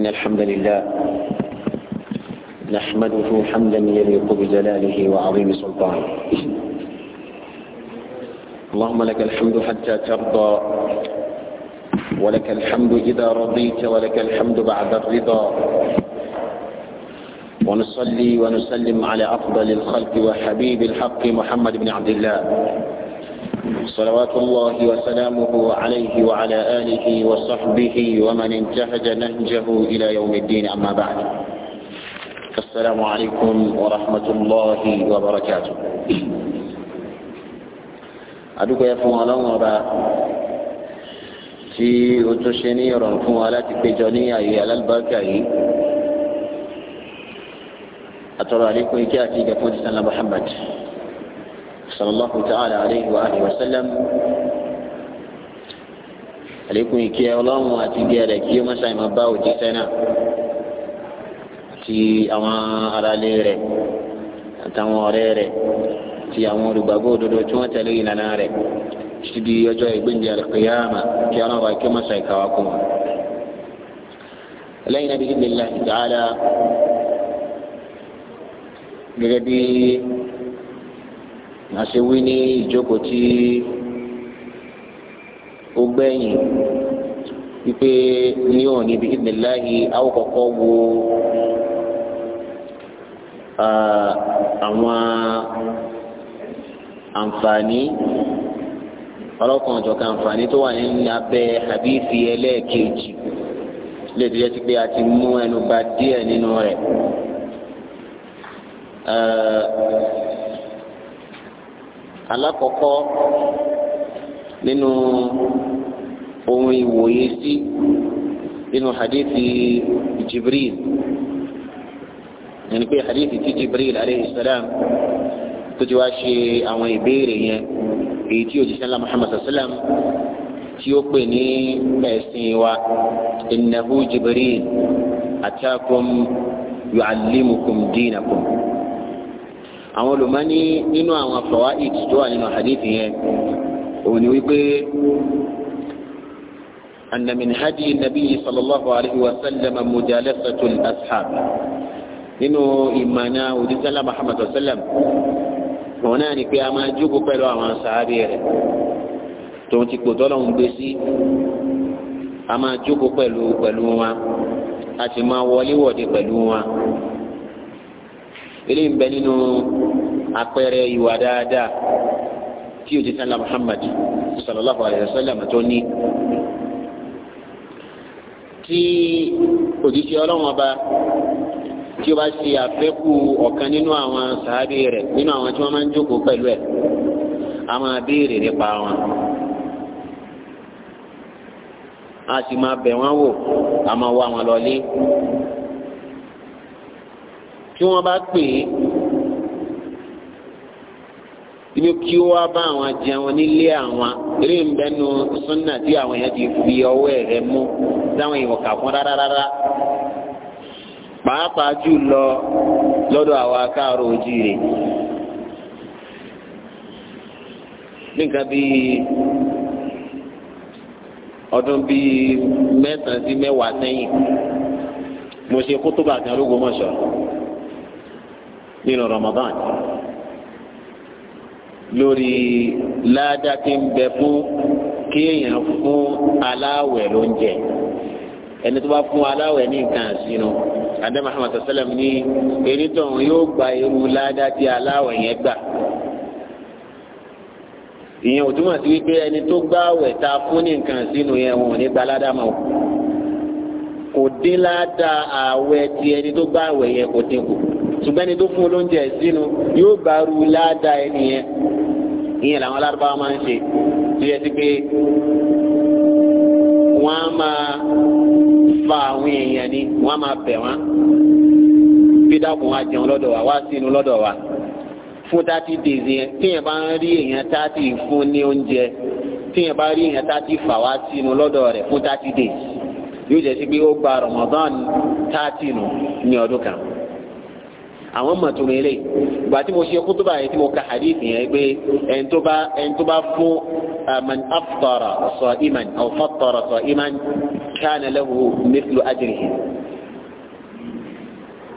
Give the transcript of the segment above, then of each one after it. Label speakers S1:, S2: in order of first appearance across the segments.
S1: إن الحمد لله نحمده حمدا يليق بجلاله وعظيم سلطانه اللهم لك الحمد حتى ترضى ولك الحمد إذا رضيت ولك الحمد بعد الرضا ونصلي ونسلم على أفضل الخلق وحبيب الحق محمد بن عبد الله صلوات الله وسلامه عليه وعلى آله وصحبه ومن انتهج نهجه إلى يوم الدين أما بعد السلام عليكم ورحمة الله وبركاته أدوك يا فوالا الله في تي أتشني رنفون في تكجوني أي على البركة أترى عليكم إكاتي كفون سنة محمد صلى الله تعالى عليه وآله وسلم عليكم كي الله ما تيجي على كي ما ساي ما باو تي سنة تي أما على ليرة تامو ليرة تي أما ربابو دو دو تونا تلي نانارة شدي يجوا يبين جال القيامة كي أنا باي كي ما ساي كواكما لين بإذن الله تعالى بجدي náà ṣe wí ní ìjókòó tí ó gbẹ̀yìn wípé ní òní bí ìdìláyì àwòkọ́kọ́ wo àwọn àǹfààní ọlọ́kan ọ̀jọ̀kan àǹfààní tó wà ní abẹ́ àbífi ẹlẹ́ẹ̀kejì lè tó ti pé a ti mú ẹnu bà díẹ̀ nínú rẹ̀ alákọ̀ọ́kọ́ nínú ohun ìwòye sí nínú hadithi jibril yẹn pé hadithi ti jibril aleyhi salam tó ti wá ṣe àwọn ìbéèrè yẹn èyí tí òjíṣẹ́ ńlá muhammad sallam tí ó pè ní ẹ̀sìn wa innahu jibril atakum yu'allimukum dinakum àwọn olùmọ́ni nínú àwọn fawaid tó wà nínú hadith yẹn òun ni wípé anna min hadi nabi sallallahu alayhi wa sallam mujalasatul ashab nínú ìmọ̀nà òdìsẹ́lá muhammadu sallam òun náà ni pé a máa jókòó pẹ̀lú àwọn sàábì rẹ̀ tòun ti kò tọ́lọ̀ ń gbé sí a máa jókòó pẹ̀lú pẹ̀lú wọn a sì máa wọlé wọ̀de pẹ̀lú wọn eléyìí ń bẹ nínú àpẹẹrẹ ìwà dáadáa tí o ti sẹ́ńlá Muhammad sallallahu alayhi wa sallam tó ní tí òjíṣẹ́ ọlọ́run ọba tí o bá ṣe àfẹ́kù ọ̀kan nínú àwọn sàábì rẹ̀ nínú àwọn tí wọ́n máa ń jókòó pẹ̀lú ẹ̀ a máa béèrè nípa wọn a sì máa bẹ̀ wọ́n wò a máa wá wọn lọ lé tí wọ́n bá pè é ibi kí ó wá bá àwọn jẹun nílé àwọn eré ìbẹnu súnà tí àwọn èèyàn ti fi ọwọ́ ẹ̀rẹ̀ mú táwọn èèyàn kà fún rárá pàápàá jù lọ lọ́dọ̀ àwọn akáàrọ̀ ojíire nǹkan bíi ọdún bíi mẹ́sàn sí mẹ́wàá sẹ́yìn mo ṣe kótóbà kan lógo mọ́ṣọ́ nínú Ramadan lórí ládàá tí ń bẹ fún kéèyàn fún aláwẹ̀ lóúnjẹ ẹni tó bá fún aláwẹ̀ ní nǹkan àṣìnú adé Muhammad sallam ní erítọ̀hún yóò gba irú ládàá tí aláwẹ̀ yẹn gbà ìyẹn ò túmọ̀ sí wípé ẹni tó gbààwẹ̀ ta fún ní nǹkan àṣìnú yẹn wọn ò ní gba ládàá kò dín ládàá àwẹ̀ tí ẹni tó gbààwẹ̀ yẹn kò dín kù ṣùgbọ́n ẹni tó fún olóúnjẹ sínú yóò bá ru ládàá ẹni yẹn ìyẹn làwọn alárúbáwá máa ń ṣe tó yẹ sí pé wọ́n á máa fa àwọn èèyàn ni wọ́n á máa bẹ̀ wọ́n bí dákun jẹun lọ́dọ̀ wa wá sínú lọ́dọ̀ wa fún tati dèzì yẹn tíyẹn bá ń rí èèyàn tati fún ní oúnjẹ tíyẹn bá rí èèyàn tati fà wá sínú lọ́dọ̀ rẹ̀ fún tati dèzì yóò jẹ́ sí pé ó gba Ramadan tati nù ní ọdún kan àwọn mọ̀tòrò ilé ìgbà tí mo ṣe kútúbà yìí tí mo ka hadith yẹn pé ẹni tó bá ẹni tó bá fún uh, man aftara sa'iman aw fattara sa'iman kana lahu mithlu ajrihi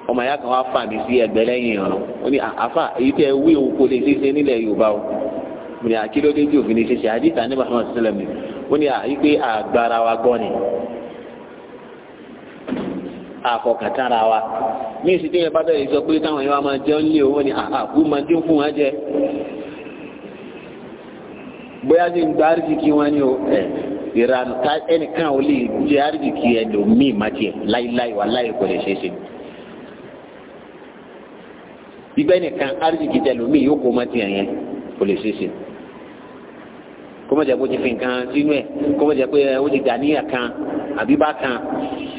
S1: ọmọ ya kan wá fà mí sí ẹgbẹ́ lẹ́yìn ọ̀rọ̀ ó ní àfà èyí tẹ wí òun kò lè ṣeéṣe nílẹ̀ yorùbá o mo ní àkílódé tí òfin ní ṣeéṣe àdìsá ní muhammad sallam ni ó ní àyí pé àgbára wa gbọ́ ni àfọkàntara wa ní ìsìté yẹn bàbá yìí pé táwọn yẹn máa jẹun lé owó ni àkú máa dín fún wọn je. bóyá ní gba wọn ni o ẹ ká ẹnìkan ò lè jẹ àríjìkì ẹlòmíì má tiẹ̀ lai wà láì kò lè ṣeé ṣe ibẹ̀ nìkan yóò kó má kò lè ṣe jẹ́ pé ti fi nǹkan sínú ẹ̀ jẹ́ pé ti dà níyà kan àbí bá kan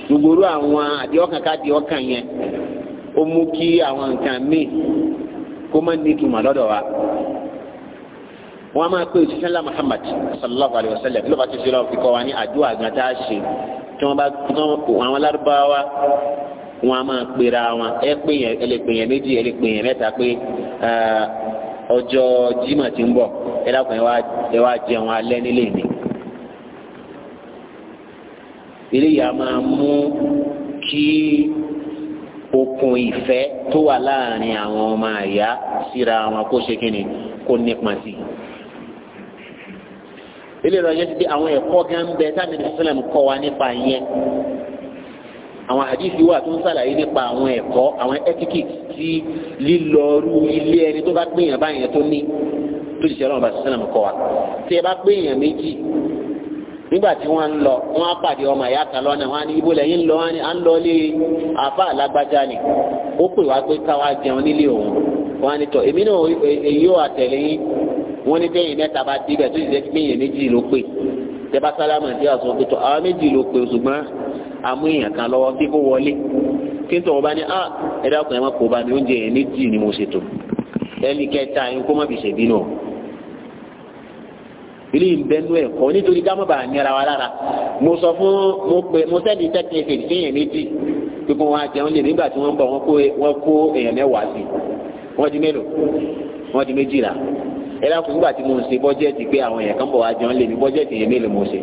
S1: gbogbo àwọn àdìọ́kàn ká àdìọ́kàn yẹn ó mú kí àwọn nǹkan míì kó má ní ìtumọ̀ lọ́dọ̀ wa wọ́n máa pé òṣìṣẹ́ ńlá Muhammad sallallahu alayhi wa sallam ló bá ti ṣe lọ́wọ́ kíkọ́ wa ní àdúrà gan tá a ṣe tí wọ́n bá àwọn alárúbáwá wọ́n máa pera wọn ẹ méjì ẹ mẹ́ta pé ọjọ́ Jímọ̀ ti ń bọ̀ ẹ dákun ẹ wá jẹun alẹ́ nílé mi. eléyìí a máa mú kí okùn ìfẹ́ tó wà láàrin àwọn ọmọ àyà síra wọn kó ṣe kí ni kó nípa sí i. ilé ìrọ̀lẹ́ ti di àwọn ẹ̀kọ́ gan bẹ sáàmì ìsìlẹ̀mù kọ́ wa nípa yẹn àwọn àdìsí wà tó ń sàlàyé nípa àwọn ẹ̀kọ́ àwọn etiquette ti lílọ́ọ̀rù ilé ẹni tó bá gbìyànjú báyẹn tó ní tó ti ṣe kọ́ wa tí ẹ bá gbìyànjú méjì nígbà tí wọ́n ń lọ wọ́n á pàdé ọmọ ìyá kan lọ́nà wọ́n á ní ibo lẹ́yìn lọ wọ́n á ń lọ lé àfa alágbájá ni ó pè wá pé káwá jẹun nílé òun wọ́n á ní tọ̀ èmi náà èyí ò àtẹ̀lé yín wọ́n ní bẹ́yìn mẹ́ta bá débẹ̀ tó sì jẹ́ pé èèyàn méjì ló pè tẹ́bá sálámù ẹ̀ díẹ̀ sọ pé tọ̀ àwọn méjì ló pè ṣùgbọ́n àmú èèyàn kan lọ́wọ́ bí kò wọlé kí n tọ̀ wọ́n bá ní à ẹ̀dá ọkùnrin wọn kò bá mi oúnjẹ yẹn méjì ni mo ṣètò ẹnì kẹta yín kó má fi ṣèbínú o ilé ìbẹnú ẹ̀kọ́ nítorí kámọ́ nira wa lára mo sọ fún mo pè mo sẹ́ni tẹ́kínìkì kéèyàn méjì pípọ́n wọn àti àwọn lè nígbà tí wọ́n ń bọ̀ wọ́n kó wọ́n kó èèyàn mẹ́wàá sí wọ́n di mélòó wọ́n di méjìlá ẹ dákun nígbà tí mo ń ṣe bọ́jẹ́ẹ̀tì pé àwọn èèyàn kan bọ̀ wá jẹun lè ní bọ́jẹ́ẹ̀tì èèyàn mélòó mo ṣe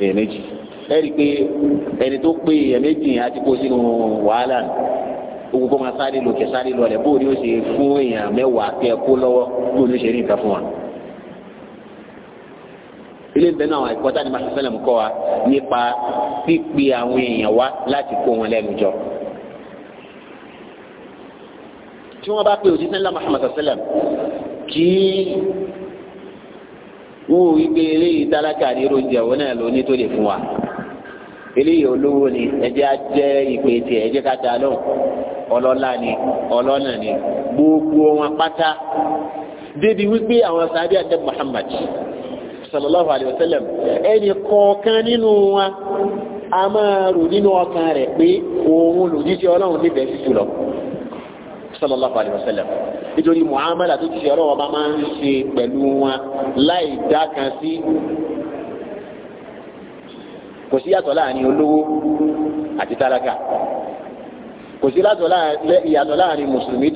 S1: èèyàn méjì ẹ rí i pé ẹni tó pé èèyàn méjì yẹn á kó sínú wàhálà nù ogun kó máa sáré lòkè sáré lọlẹ̀ bóòní ó ṣe fún èèyàn mẹ́wàá kẹ́ kó lọ́wọ́ bóòní ó ṣe rí nǹkan fún wa ilé ìbẹ́nu àwọn ẹ̀kọ́ tá a ní ma mú kọ́ wa nípa pípe àwọn èèyàn wá láti kó wọn lẹ́nu jọ. tí wọ́n bá pe òjíṣẹ́ ńlá Muhammad sallam kí wọ́n ò wípé eléyìí tálákà ní oúnjẹ òun náà lóní tó lè fún wa eléyìí olówó ni ẹjẹ́ á ìpè tiẹ̀ ẹjẹ́ ká da lóhùn ni ọlọ́nà ni gbogbo wọn pátá débi wípé àwọn sàbíà tẹ Muhammad sallallahu alaihi wasallam ẹni kọ̀ọ̀kan nínú wa a máa rò nínú ọkàn rẹ̀ pé òun lòjíṣẹ́ ọlọ́run nífẹ̀ẹ́ sí jùlọ sallallahu alaihi wasallam nítorí muhammadu àti òjíṣẹ́ ọlọ́run ọba máa ń ṣe pẹ̀lú wa láì dá kan sí kò sí yàtọ̀ láàrin olówó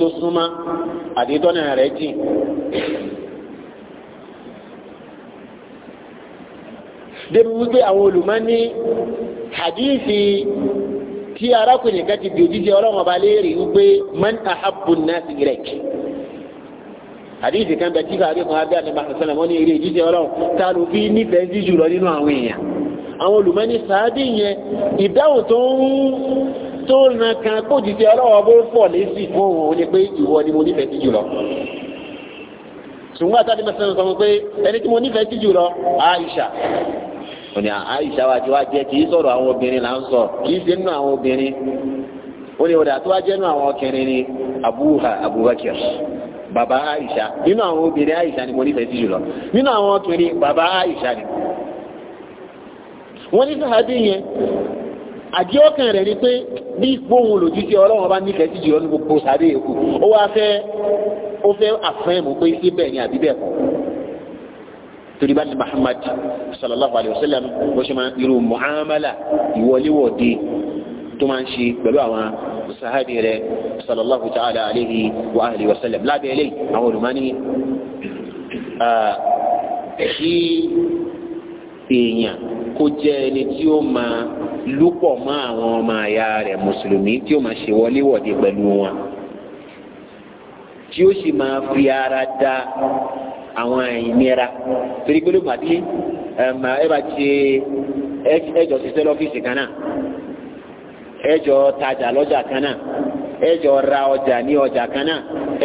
S1: tó súnmọ́ àti tọ́nà rẹ̀ jìn débi wípé àwọn olùmọ̀ ní hadithi tí arákùnrin kan ti di òjíṣẹ́ ọlọ́run ọba léèrè wípé man ahabbu nasi ilayk hadithi kan bẹ tí fàárí kan abẹ́ àdàbà sọ̀sọ̀lá wọn ní eré òjíṣẹ́ ọlọ́run tá ló fi nífẹ̀ẹ́ sí jùlọ nínú àwọn èèyàn àwọn olùmọ̀ ní sáábì yẹn ìdáhùn tó ń tó na kan kó jíṣẹ́ ọlọ́run bó fọ̀ lésì fún òun ni pé ìwọ ni mo nífẹ̀ẹ́ sí jùlọ ṣùgbọ́n àtàdé mẹ́sàn-án sọ pé ẹni tí mo nífẹ̀ẹ́ sí jùlọ Aisha òní àìsà wa ti wá jẹ kì í sọ̀rọ̀ àwọn obìnrin là ń sọ kì í ṣe nínú àwọn obìnrin ó ní ọ̀dà tó wá jẹ́ nínú àwọn ọkùnrin ni abuha abubakar bàbá àìsà nínú àwọn obìnrin àìsà ni mo nífẹ̀ẹ́ sí jùlọ nínú àwọn ọkùnrin bàbá àìsà ni wọ́n ní sàhábí yẹn àdí ọkàn rẹ̀ ni pé bí gbóhùn lòjúṣe ọlọ́run bá nífẹ̀ẹ́ sí jùlọ ní gbogbo sàhábí yẹn kù ó wá fẹ́ ó fẹ́ pé síbẹ̀ ni àbí bẹ́ẹ̀ torí bá ní Muhammad sallallahu alayhi wa sallam bó ṣe máa irú muamala ìwọléwọ̀de tó máa ń ṣe pẹ̀lú àwọn sahabi rẹ̀ sallallahu ta'ala alayhi wa alayhi wa sallam lábẹ́ ilé àwọn olùmọ́ni kí èèyàn kó jẹ́ ẹni tí ó máa lúpọ̀ mọ́ àwọn ọmọ àyà rẹ̀ mùsùlùmí tí ó máa ṣe wọléwọ̀de pẹ̀lú wọn tí ó sì máa fi ara da àwọn ìnira torí pé lóògùn àti ẹ bá ti ẹjọ ṣiṣẹ́ lọ́fíìsì kan náà tajà lọ́jà kan ẹjọ ra ọjà ní ọjà kan náà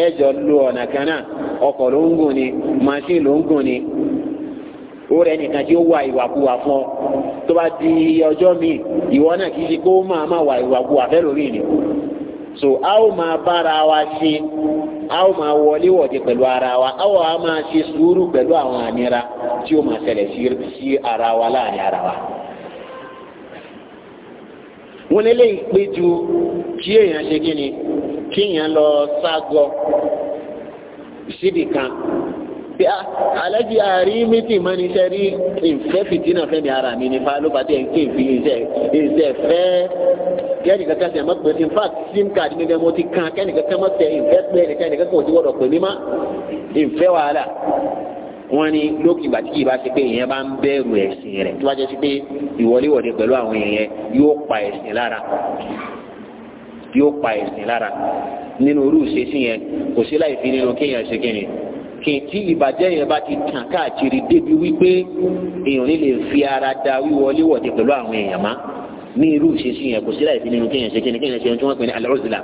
S1: ẹjọ lo ọ̀nà kan náà ọkọ̀ ló ń gùn ni machine ló ń gùn ni ó rẹ nìkan tí ó wà ìwàkuwà fún ọ tó bá di ọjọ́ mi ìwọ náà kì í ṣe kó máa so a a ó máa wọlé wọ̀de pẹ̀lú ara wa a ó máa ṣe sùúrù pẹ̀lú àwọn ànira tí ó máa ṣẹlẹ̀ sí ara wa láàrin ara wa. wọ́n lé lẹ́yìn pé ju kí èèyàn ṣe kí ni kí èèyàn lọ ságọ síbì kan pé ah, a alájí àárí mítì mọ́ ní iṣẹ́ rí ìfẹ́ fìtínà fẹ́mi ara mi nípa ló bá tẹ̀ ń ké fi iṣẹ́ iṣẹ́ fẹ́ kẹ́ni kankan sẹ̀ mọ́ pé fact sim card mi gan mo ti kan kẹ́ni kankan mọ́ tẹ̀ ìfẹ́ pé ẹnìkan ẹnìkan kò ti wọ́dọ̀ pè mí má ìfẹ́ wàhálà wọ́n ní lókì ìgbà tí kì í bá ṣe pé ìyẹn bá ń bẹ̀rù ẹ̀sìn rẹ̀ tó bá jẹ́ sí pé ìwọléwọ̀de pẹ̀lú àwọn èèyàn yóò pa ẹ̀sìn lára yóò pa ẹ̀sìn lára nínú irú ìṣesí yẹn kò sí láì fi nínú kéèyàn ṣe kéèyàn kèntì ìbàjẹ́ yẹn bá ti tàn káàkiri débi wípé èèyàn ní lè fi ara da wíwọlé wọ̀de pẹ̀lú àwọn èèyàn má ní irú ìṣesí yẹn kò sílẹ̀ ìfi nínú kéèyàn ṣe kéèyàn ṣe ohun tí wọ́n pè ní al-uzla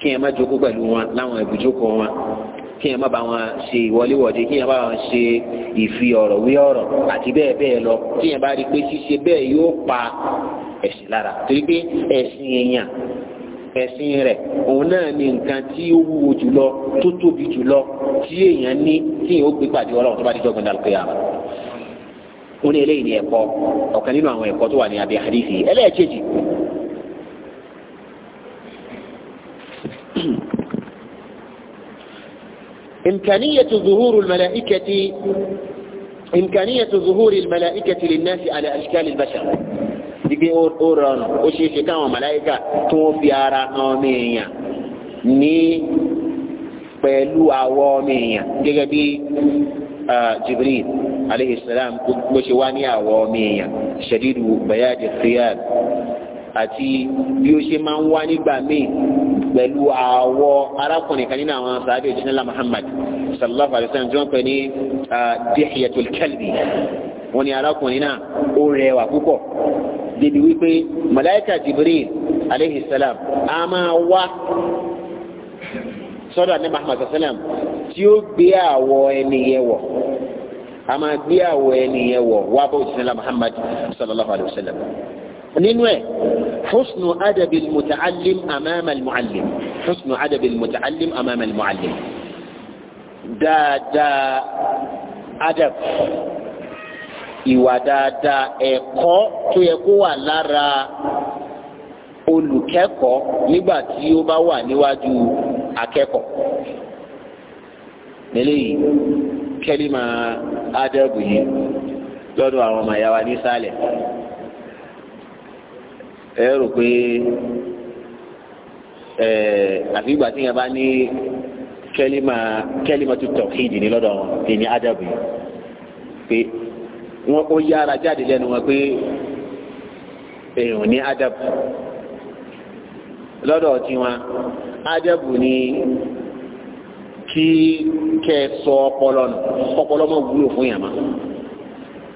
S1: kéèyàn má jókòó pẹ̀lú wọn láwọn ibùjókòó wọn kéèyàn má bá wọn ṣe ìwọléwọ̀de kéèyàn bá wọn ṣe ìfi ọ̀rọ̀ wí ọ̀rọ̀ àti bẹ́ẹ̀ bẹ́ẹ̀ lọ kéèyàn bá rí pé ṣíṣe bẹ́ẹ̀ yóò pa ẹ̀sìn lára torí pé ẹ̀sìn èèyàn ẹ̀sìn rẹ̀ òun náà ni nǹkan tí ó wúwo jùlọ tó tóbi jùlọ tí èèyàn ní tí èèyàn ó gbé pàdé ọlọ́run tó bá di jọ́gbọ́n dàlùkọ́ yàrá wọn ní eléyìí ní ẹ̀kọ́ ọ̀kan nínú àwọn ẹ̀kọ́ tó wà ní abẹ́ àdìsí ẹlẹ́ẹ̀kejì إمكانية ظهور الملائكة إمكانية ظهور الملائكة للناس على أشكال البشر gbígbé o rọrùn ó ṣeé ṣe káwọn màláyíkà tí wọ́n fi ara hàn ọmọ èèyàn ní pẹ̀lú àwọ̀ ọmọ èèyàn gẹ́gẹ́ bí Jibril aleyhi salam bó ṣe wá ní àwọ̀ ọmọ èèyàn ṣẹ̀dídù bayájì fiyad àti bí ó ṣe máa ń wá nígbà míì pẹ̀lú àwọ̀ arákùnrin kan nínú àwọn sàábẹ̀ ìjìnlá Muhammad sallallahu alayhi wa sallam tí wọ́n pè ní dihiyatul kalbi wọ́n ní arákùnrin náà ó rẹwà púpọ̀ débi wípé màláíkà Jibril aleyhi salam a máa wá sọ́dọ̀ ànábì Muhammad salam tí ó gbé àwọ̀ ẹni yẹn wọ̀ a máa gbé àwọ̀ ẹni yẹn wọ̀ wá bá òṣìṣẹ́ la Muhammad sallallahu alayhi wa sallam nínú ẹ̀ husnu adabil muta'allim amama al-mu'allim husnu adabil muta'allim amama muallim dáadáa adab ìwà dáadáa ẹ̀kọ́ tó yẹ kó wà lára olùkẹ́kọ̀ọ́ nígbà tí ó bá wà níwájú akẹ́kọ̀ọ́ lélẹ́yìí kẹ́límà ádẹ́bù yìí lọ́dọ̀ àwọn ọmọ ìyá wa nísàlẹ̀ ẹ rò pé ẹ àfi ìgbà tí yẹn bá ní kẹ́límà kẹ́límà tó tọ̀kìdì ní lọ́dọ̀ wọn ní ádẹ́bù yìí pé wọn ó yára jáde lẹ́nu wọn pé èèyàn ní ádàbù lọ́dọ̀ tiwọn ádàbù ni kí kẹ́ sọ ọpọlọ nù ọpọlọ mọ wúlò fún yàrá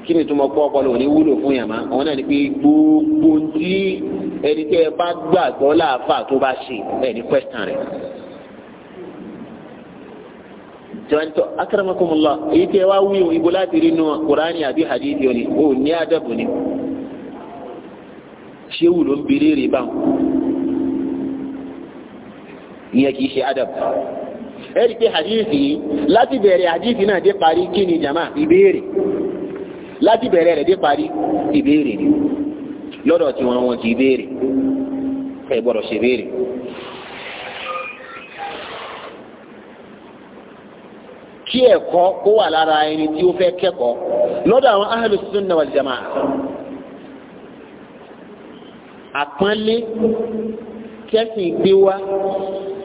S1: kí ni túmọ̀ pọ́ ọpọlọ òní wúlò fún yàrá àwọn náà ni pé gbogbo tí ẹni tẹ́ ẹ bá gbàgbọ́ láàfà tó bá ṣe ẹ̀ ní kwẹ́sítàn jọ́ntọ́ akramakumullah èyí tẹ́ wá wíwò ibo láti rí nu kùránì àbí hadithi òní ò ní àdàbò ni ṣéwù ló ń bèrè rè báwọn ìyẹn kì í ṣe àdàbò ẹ̀rí pé hadithi láti bẹ̀rẹ̀ hadithi náà dé parí kí jama ìbéèrè láti bẹ̀rẹ̀ rẹ̀ dé parí ìbéèrè ni lọ́dọ̀ tí wọ́n wọn kì í béèrè ẹ̀ gbọ́dọ̀ ṣe kí ẹ̀kọ́ kó wà lára ẹni tí ó fẹ́ kẹ́kọ̀ọ́ lọ́dọ̀ àwọn ahlu sunna wal jamaa àpọ́nlé kẹ́sìn gbé wá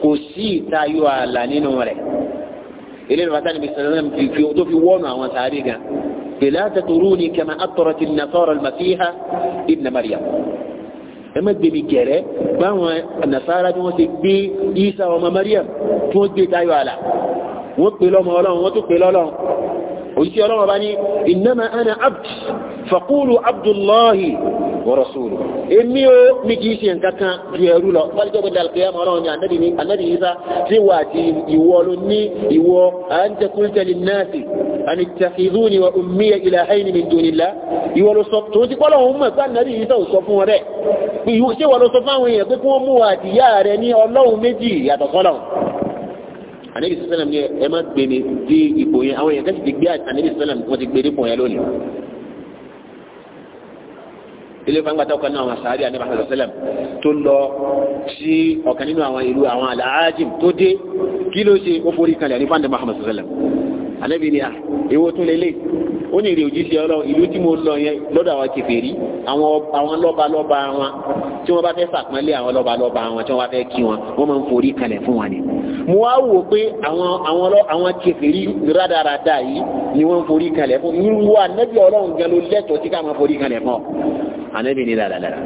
S1: kò sí ìtayọ ààlà nínú rẹ̀ eléyìí bàtà níbi sàlẹ̀ tó fi wọ́nu àwọn sáré gan bẹ̀lẹ́ àtẹ̀tòrú ni kama àtọ̀rọ̀ ti nasara al-masiha ibn Maryam ẹ má gbé gẹ̀rẹ́ báwọn nasara bí wọ́n ti gbé Isa ọmọ Maryam tí wọ́n gbé tayọ ààlà wọ́n pè lọ́mọ ọlọ́run wọ́n tún pè lọ́lọ́run òjíṣẹ́ ọlọ́run bá ní innama ana abd faqulu abdullahi wa rasuluhu èmi ó ní kìí ṣe nǹkan kan ju ẹrú lọ wájọ́ gbọ́dọ̀ alqiyama ọlọ́run ní ànábì anabi sallam yẹ ẹ má gbé ni dé ipò yẹn àwọn yẹn kẹsì ti gbé anabi sallam wọn ti gbé nípò yẹn lónìí ilé fún agbata ọkàn náà àwọn sàárì anabi sallam tó lọ sí ọ̀kan nínú àwọn ìlú àwọn aláàjìm tó dé kí ló ṣe ó forí kalẹ̀ nípa anabi sallam anabi ni a ah, èwo tún lélẹ̀ ó ní èrè òjíṣẹ́ Ọlọ́run ìlú tí mo lọ yẹn lọ́dọ̀ àwọn kèfèrí àwọn lọ́balọ́ba wọn tí wọ́n bá fẹ́ sàpọ́nlé àwọn lọ́balọ́ba wọn tí wọ́n bá fẹ́ kí wọn wọ́n máa ń forí kalẹ̀ fún wọn ni. mo wá wò pé àwọn kèfèrí rádaràda yìí ni wọ́n forí kalẹ̀ fún irú anabi Ọlọ́run gan ló lẹ́tọ̀ọ́ tí ká máa forí kalẹ̀ fún ọ anabi ni dáradára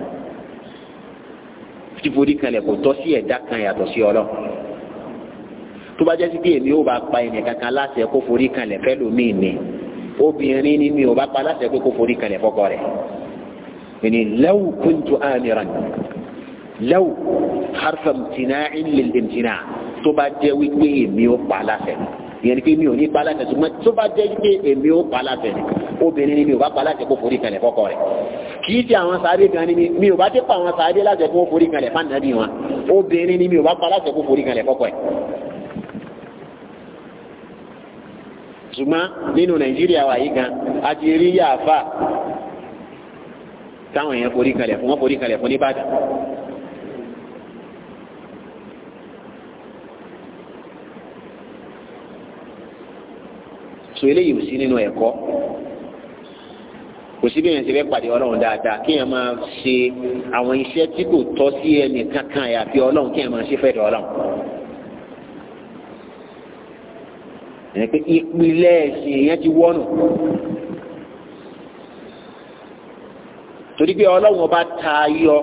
S1: fíforí kalẹ̀ kò tọ́ sí ẹ̀dá kan yàtọ̀ sí Ọlọ́run tó bá jẹ́ sí pé èmi ò bá pa ẹnì kankan láṣẹ kó forí kanlẹ̀ fẹ́ lómi ni obìnrin ni mi ò bá pa láṣẹ pé kó forí kanlẹ̀ fọ́kọ rẹ̀ ẹni lẹ́wù kúntù àmìràn lẹ́wù harfa mtina ilẹ̀ mtina tó bá jẹ́ wípé èmi ò pa láṣẹ ìyẹn ni pé mi ò ní pa láṣẹ ṣùgbọ́n tó bá wípé èmi ò pa láṣẹ obìnrin ni mi ò bá pa láṣẹ kó forí kanlẹ̀ fọ́kọ rẹ̀ kì í ti àwọn sáré gan ni mi ò bá ti pa àwọn sáré láṣẹ kó forí kanlẹ̀ fáńdà wọn obìnrin ni mi ò bá pa láṣẹ kó forí kanlẹ̀ fọ́kọ rẹ̀. ṣùgbọ́n nínú nàìjíríà wà yìí gan a ti rí yàáfà táwọn èèyàn forí kalẹ̀ fún wọn forí kalẹ̀ fún nìbàdàn. so eléyìí ò sí nínú ẹ̀kọ́ kò sí bẹ́ẹ̀ ṣe fẹ́ pàdé ọlọ́run dáadáa kí ẹ máa ṣe àwọn iṣẹ́ tí kò tọ́ sí ẹnì kankan àyàfi ọlọ́run kí ẹ máa ṣe fẹ́ dọ̀ ọlọ́run. ẹni pé ìpìlẹ̀ ẹ̀sìn èèyàn ti wọ́nù torí pé ọlọ́run ọba taayọ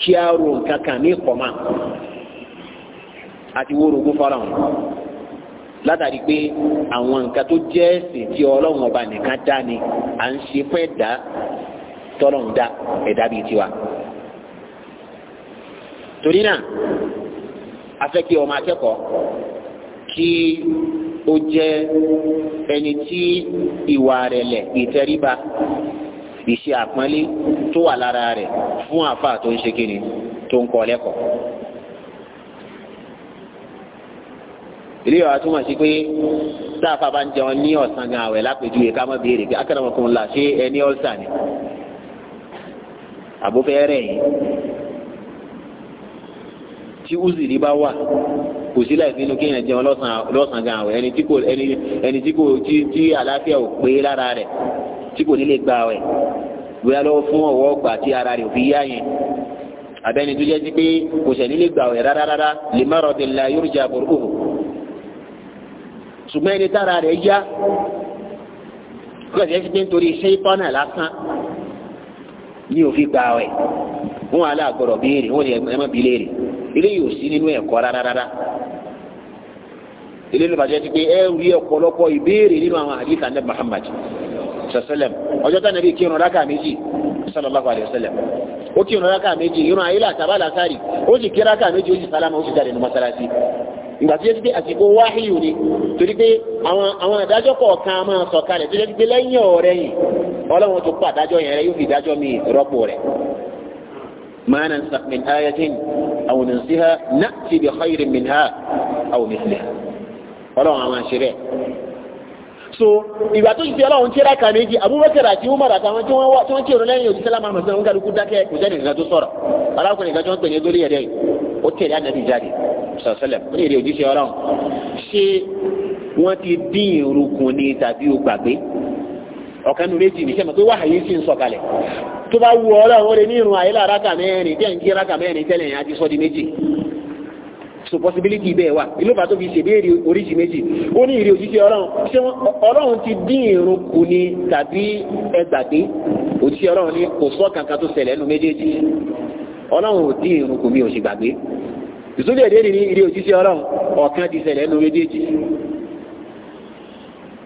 S1: kí a ro nǹkan kan ní ìkọ̀mà àti wo rògbò fọ́nrán látàrí pé àwọn nǹkan tó jẹ́ ẹ̀sìn tí ọlọ́run ọba nìkan dá ni à ń ṣe fún ẹ̀dá tọ́lọ́run dá ẹ̀dá bíi tiwa torí náà afẹ́ kí ọmọ akẹ́kọ̀ọ́ kí ó jẹ́ ẹni tí ìwà rẹ̀ lẹ̀ ìtẹríba ìṣe àpọ́nlé tó wà lára rẹ̀ fún àáfàá tó ń ṣe kíni tó ń kọ́ lẹ́kọ̀ọ́. ilé ìwà túmọ̀ sí pé táàfà bá ń jẹun ní ọ̀sán gan àwẹ̀ lápèjúwe ká má béèrè pé akẹ́rọ̀mọkùnrin là ṣe ẹni ọ̀sán ni àbúfẹ́ rẹ̀ yìí tí uziri bá wà kò sí láì nínú kéèyàn jẹun lọ́sàn-án gan àwẹ̀ ẹni tí kò ẹni tí kò tí tí àlàáfíà ò pé lára rẹ̀ tí kò nílé gba àwẹ̀ bóyá lọ́wọ́ fún ọ̀wọ́ ọgbà tí ara rẹ̀ ò fi yá yẹn abẹ́ni tó jẹ́ sí pé kò sẹ̀ nílé gba àwẹ̀ rárára lè má rọ̀ bẹ̀rẹ̀ la yóò jà burúkú ṣùgbọ́n ẹni tára rẹ̀ yá kò sẹ́ pé nítorí iṣẹ́ tọ́nà lásán ni ò fi gba àwẹ̀ wọn àlà àgbọ̀rọ̀ béèrè wọn ni ẹ eléyìí ò sí nínú ẹ̀kọ́ rárára eléyìí lọ́ba jẹ́ ti pé ẹ rí ọ̀pọ̀lọpọ̀ ìbéèrè nínú àwọn àdìsá ní Muhammad sọsẹlẹm ọjọ́ tá nàbí kírun rákà méjì sallallahu alayhi ó kírun rákà méjì irun ayé làtàbà ka ó sì kí rákà méjì ó sì sálámà ó sì jáde ní mọ́sálásí ìgbà ti dé àsìkò wáhíyù ni torí pé àwọn máa tó pé lẹ́yìn ọ̀rẹ́ yìí ọlọ́run tó yẹn rẹ yóò fi mi rọ́pò rẹ̀. أو ننسها نأتي بخير منها أو مثلها ọlọ́run àwọn àṣírẹ́ so ìgbà tó ṣiṣẹ́ ọlọ́run tíra kà méjì Abubakar àti Umar àtàwọn tí wọ́n wọ́ tí wọ́n kí ìrọ̀lẹ́ yìí òṣìṣẹ́ lámàmù sí àwọn kálukú dákẹ́ kò sẹ́ni nìkan tó sọ̀rọ̀ alákùnrin nìkan tí wọ́n pè ní lórí ẹ̀rẹ́ yìí ó tẹ̀lé ànábì jáde sọ̀sẹ́lẹ̀ ó ní èrè òjíṣẹ́ ọlọ́run ṣé wọ́n ti dín ìrùkùn ni tàbí o gbàgbé ọ̀kan nu méjì ní sẹ́mi pé wáhàyí sì ń sọ̀kalẹ̀ tó bá wù ọ́ lọ́wọ́ lè ní irun àyílá ráka mẹ́rin tẹ́ ń kí ráka mẹ́rin tẹ́lẹ̀ yẹn ti di méjì so possibility bẹ́ẹ̀ wà ìlú bàtó fi ṣèbéèrè oríṣi méjì ó ní ọlọ́run ṣé ọlọ́run ti dín irun kù ni tàbí ẹgbàgbé òjíṣẹ́ ọlọ́run ni kò sọ kankan tó ṣẹlẹ̀ méjèèjì ọlọ́run ò dín irun kù mi ò sì gbàgbé ni ìrè òjíṣẹ́ ọlọ́run ọ̀kan ti ṣẹlẹ̀ méjèèjì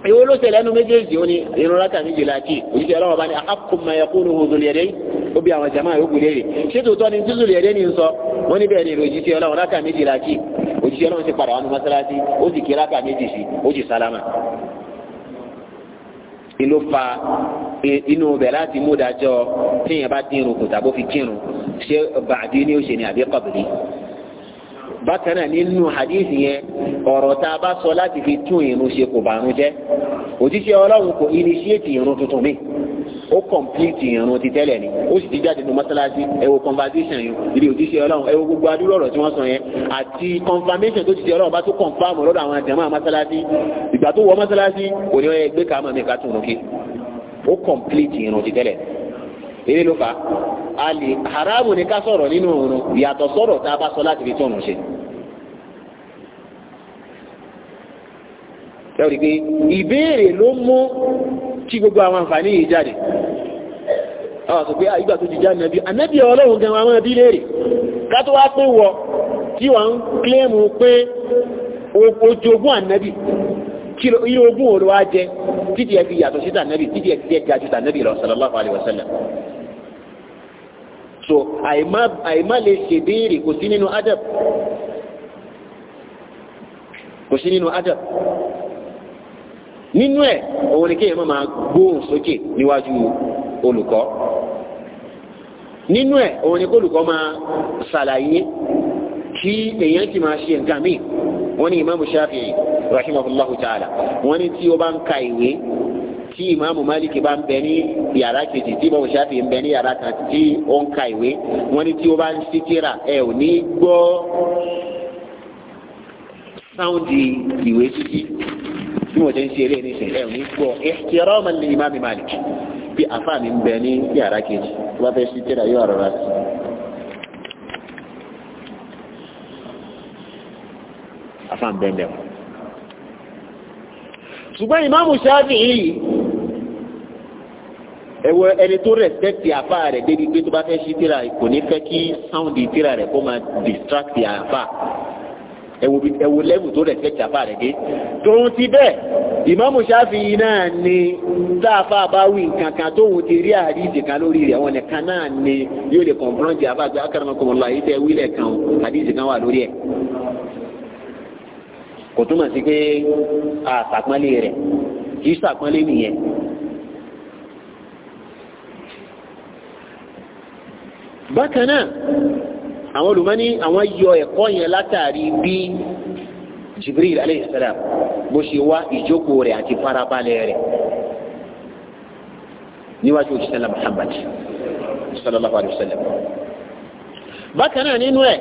S1: èwo ló ṣẹlẹ̀ ẹnu méjèèjì ó ní irun rákà méjìlá kì òjijì ọlọ́wọ́ bá ní ahakum ma yakunu huzuli ẹ̀dẹ́ ó bí àwọn jama yòókù léèrè ṣé tòótọ́ ni zuzuli ẹ̀dẹ́ ni ń sọ wọ́n ní bẹ́ẹ̀ ni òjijì ọlọ́wọ́ rákà méjìlá kì òjijì ọlọ́wọ́ ti padà wà ní mọ́sálásí ó sì kí rákà méjì sí ó sì sálámà ìlú fa inú bẹ̀ láti mú tíyẹn bá dín irun kùtà bó fi kírun ṣé bàdí ni ó ṣe ni àbí kọ̀bìlì bákan náà nínú hadithi yẹn ọ̀rọ̀ tá a bá sọ láti fi tún irun ṣe kò bàrún jẹ́ òjíṣẹ́ ọlọ́run kò initiate irun tuntun mi ó complete irun ti tẹ́lẹ̀ ni ó sì ti jáde ní mọ́sálásí ẹ conversation yìí ibi òjíṣẹ́ ọlọ́run ẹ wo gbogbo adúrú ọ̀rọ̀ tí wọ́n sọ yẹn àti confirmation tó ti ṣe ọlọ́run bá tó confirm lọ́dọ̀ àwọn àjẹmọ́ mọ́sálásí ìgbà tó wọ mọ́sálásí kò ní ọ yẹ gbé kàámọ̀ mi ká tún un kí ó complete irun ti tẹ́lẹ̀ eré ló fà á lè haramu ni ká sọ̀rọ̀ nínú òun yàtọ̀ sọ̀rọ̀ tá a bá sọ láti fi tún òun ṣe. lórí pé ìbéèrè ló mú kí gbogbo àwọn àǹfààní yìí jáde àwọn àṣọ pé ah, ìgbà tó ti já nàbí ànábì ọlọ́run gan àwọn ẹbí léèrè ká tó wá pé wọ tí wọ́n ń kílẹ̀mù pé ojogún ànábì irú ogún òru wá jẹ títí ẹ fi yàtọ̀ sí tànábì títí ẹ fi jẹ́ jájú tànábì lọ sallallahu alaihi wasallam so àìmá àìmá lè ṣe béèrè kò sí nínú adab kò sí nínú adab nínú ẹ̀ òun ni kéèyàn máa gbóhùn sókè níwájú olùkọ́ nínú ẹ̀ òun ni kólùkọ́ máa ṣàlàyé kí èèyàn ti máa ṣe nǹkan míì wọ́n ní Imam Shafi'i rahimahullahu ta'ala wọ́n ní tí ó bá ń ka ìwé tí ìmáàmù Málíkì bá ń bẹ ní yàrá kejì tí ìmáàmù Ṣáfì ń bẹ ní yàrá kan tí ó ń ka ìwé wọ́n ní tí ó bá ń ṣí tírà ẹ ò ní gbọ́ sáwùndì ìwé títí bí wọ́n ṣe ń ṣe eré ẹ ò ní gbọ́ ihtiraman li ìmáàmù Málíkì bí àfáà ń bẹ ní yàrá kejì tó bá fẹ́ ṣí yóò rọra sí i. afan bẹ́ẹ̀ bẹ́ẹ̀ ṣùgbọ́n ìmáàmù Ṣáfi'í ẹwọ ẹni tó rẹsẹkìtì àfa rẹ débi pé tó bá fẹ́ ṣí tíra kò ní fẹ́ kí sáwùndì tíra rẹ kó máa distract àfa ẹwọ bi ẹwọ lẹ́wù tó rẹsẹkìtì àfa rẹ dé tòun ti bẹ́ẹ̀ ìmáàmù Ṣáfi'í náà ni tá a fa bá wí nǹkan kan tóun ti rí àdìsí kan lórí rẹ̀ àwọn nìkan náà ni yóò lè kọ̀ǹpọ̀ǹtì àfa àti akaramakumullah yìí tẹ́ wílẹ̀ kan àdìsí kan wà lórí ẹ̀ kò túmọ̀ sí pé àtàpọ́nlé rẹ̀ kì í sàpọ́nlé nìyẹn bákan náà àwọn olùmọ́ni àwọn yọ ẹ̀kọ́ yẹn látàrí bí jibril aleyhi salam bó ṣe wá ìjókòó rẹ̀ àti farabalẹ̀ rẹ̀ níwájú òṣìṣẹ́ la muhammad sallallahu alayhi wa sallam bákan náà nínú ẹ̀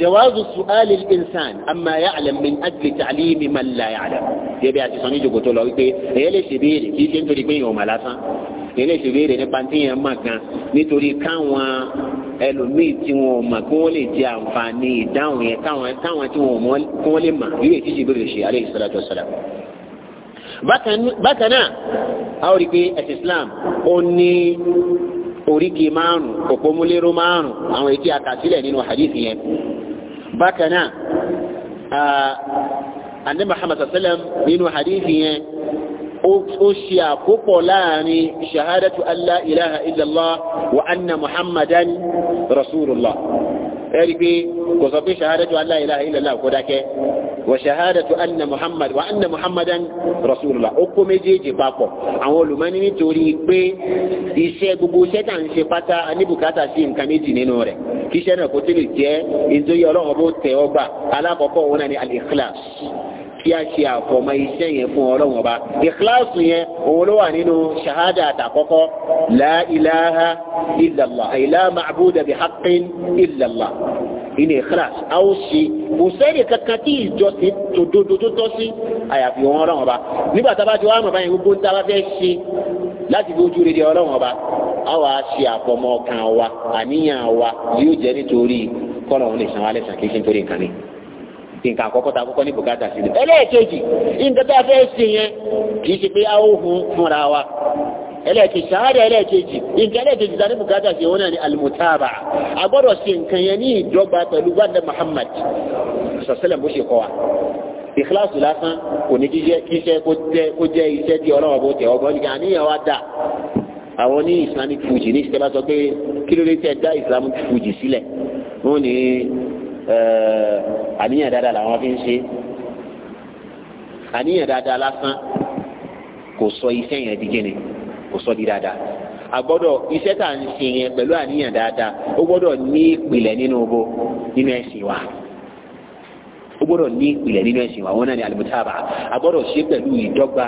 S1: jawazu su'ali insan amma ya'lam min ajli ta'limi man la ya'lam débi àti sọ ní ìjòkó tó lọ wípé èyí lè ṣe béèrè kì í ṣe nítorí pé èèyàn ò mà lásán èyí lè ṣe béèrè nípa tí èèyàn mà gan nítorí káwọn ẹlòmíì tí wọn ò mà kí wọn lè jẹ àǹfààní ìdáhùn yẹn káwọn tí wọn ò mọ kí wọn lè mà yóò èyí tí ṣe béèrè ṣe alayhi salatu bákan náà a ó rí pé ẹ̀sìn Islam ó ní oríkì márùn òpómúlérò márùn àwọn etí àkàsílẹ̀ nínú hadithi yẹn bákan náà annabi muhammad sallam nínú hadithi yẹn ó ṣe àkópọ̀ láàrin shahadatu allah ilaha illallah wa anna muhammadan rasulullah ẹ̀rí pé kò sọ pé shahadatu allah ilaha illallah kó dákẹ́ وشهادة أن محمد وأن محمدا رسول الله ó kó méjèèjì papọ̀ àwọn olùmọ́ni nítorí pé iṣẹ́ gbogbo iṣẹ́ tá à ń ṣe pátá aníbùkátà sí nǹkan méjì nínú rẹ̀ kí iṣẹ́ náà kó tó lè jẹ́ nítorí ọlọ́run bó tẹ̀ ọ́ gbà alákọ̀ọ́kọ́ òun náà ni al-ikhlas kí a ṣe àfọmọ iṣẹ́ yẹn fún ọlọ́run ọba ìkíláàsì yẹn òun ló wà nínú ṣahada àtàkọ́kọ́ la ilaha àìlá ma'buda bihaqqin illallah nínú ìkíláàs a ó ṣe kò sẹ́ni kankan tí ìjọsìn tòdodo tó tọ́ sí àyàfi wọn ọlọ́run ọba nígbà tá a bá ti wá mọ̀ báyìí gbogbo tá a bá fẹ́ ṣe láti fi ojú rere ọlọ́run ọba a wà á ṣe àfọmọ ọkàn wa àníyàn wa yóò jẹ́ nítorí kọ́lọ̀ òun lè san wa lẹ́sàn kí n ṣe nítorí nǹkan ni nǹkan àkọ́kọ́ ta kọ́kọ́ ní bùkátà sílẹ̀ ẹlẹ́ẹ̀kejì wa ẹlẹ́ẹ̀kejì ṣahada ẹlẹ́ẹ̀kejì nǹkan ẹlẹ́ẹ̀kejì tani bukata ṣe wọn ni almutaba a gbọ́dọ̀ ṣe nǹkan yẹn ní ìdọ́gba pẹ̀lú wàdà muhammad sọ̀sẹ́lẹ̀ bó ṣe kọ́ wa ìkíláàsì lásán kò ní kíṣẹ́ kó jẹ́ iṣẹ́ tí ọlọ́wọ́ bó tẹ̀ ọgbọ́n nìkan àníyàn wa dà àwọn ní islamic fuji ní ìṣẹ́lá sọ pé kí ló dé tẹ̀ dá islamic fuji sílẹ̀ wọ́n ní àníyàn dáadáa làwọn fi ń ṣe àníyàn dáadáa lásán kò sọ iṣẹ́ yẹn di kíni kò sọ di dáadáa àgbọ́dọ̀ iṣẹ́ tá à ń ṣe yẹn pẹ̀lú àníyàn dáadáa ó gbọ́dọ̀ ní ìpìlẹ̀ nínú owó nínú ẹ̀sìn wa ó gbọ́dọ̀ ní ìpìlẹ̀ nínú ẹ̀sìn wa wọn náà a ṣe pẹ̀lú ìdọ́gba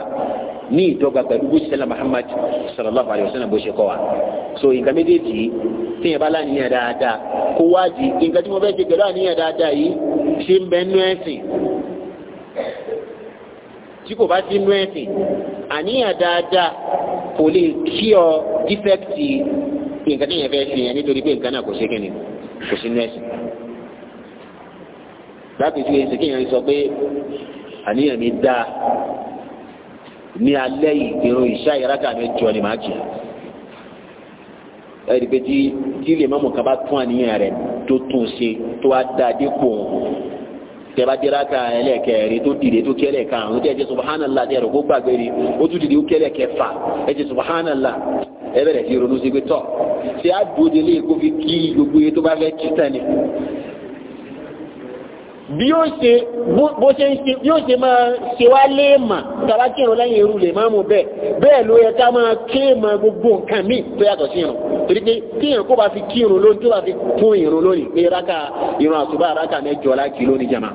S1: ní ìdọ́gba pẹ̀lú Muhammad sallallahu alayhi wa so nǹkan méjèèjì bá dáadáa kó wá di nǹkan tí mo fẹ́ tí kò bá sínú ẹ̀sìn àníyàn dáadáa kò lè kí ọ dífẹ́kìtì nǹkan tí yẹn fẹ́ ṣe yẹn nítorí pé nǹkan náà kò ṣe ni kò sínú ẹ̀sìn. lápẹ̀jú ẹ̀sìn kí yẹn sọ pé àníyàn mi dáa ní alẹ́ yìí ìṣá ìrákà mi jọ ni màá jì ẹ̀rí pé tí tí lè má bá tún àníyàn rẹ̀ tó tún ṣe tó wá dáa dípò tẹ́bá dira ka ẹlẹ́kẹ̀ẹ́rẹ́ tó dìde tó kẹ́lẹ̀ kan àwọn tẹ́ ẹ jẹ́ subhanallah tẹ́ ẹ̀rọ kó gbàgbé rí ó tún dìde ó kẹ́lẹ̀ kẹfà ẹ jẹ́ subhanallah ẹ bẹ̀rẹ̀ sí ronú sí pé tọ́ ṣé àdúró délé kó fi kí gbogbo yẹn tó bá fẹ́ kí tán ni bí ó ṣe bó ṣe ń ṣe bí ó ṣe máa ṣe wá léèmà tàbá kírun lẹ́yìn irú lè máa mú bẹ́ẹ̀ bẹ́ẹ̀ ló yẹ ká máa kéèmà gbogbo nǹkan míì tó yàtọ̀ sí irun torí pé tí èèyàn kó bá fi kírun lónìí tó bá fi kún irun lónìí pé ráka irun àsùbá ráka mẹ́jọ láti lónìí jama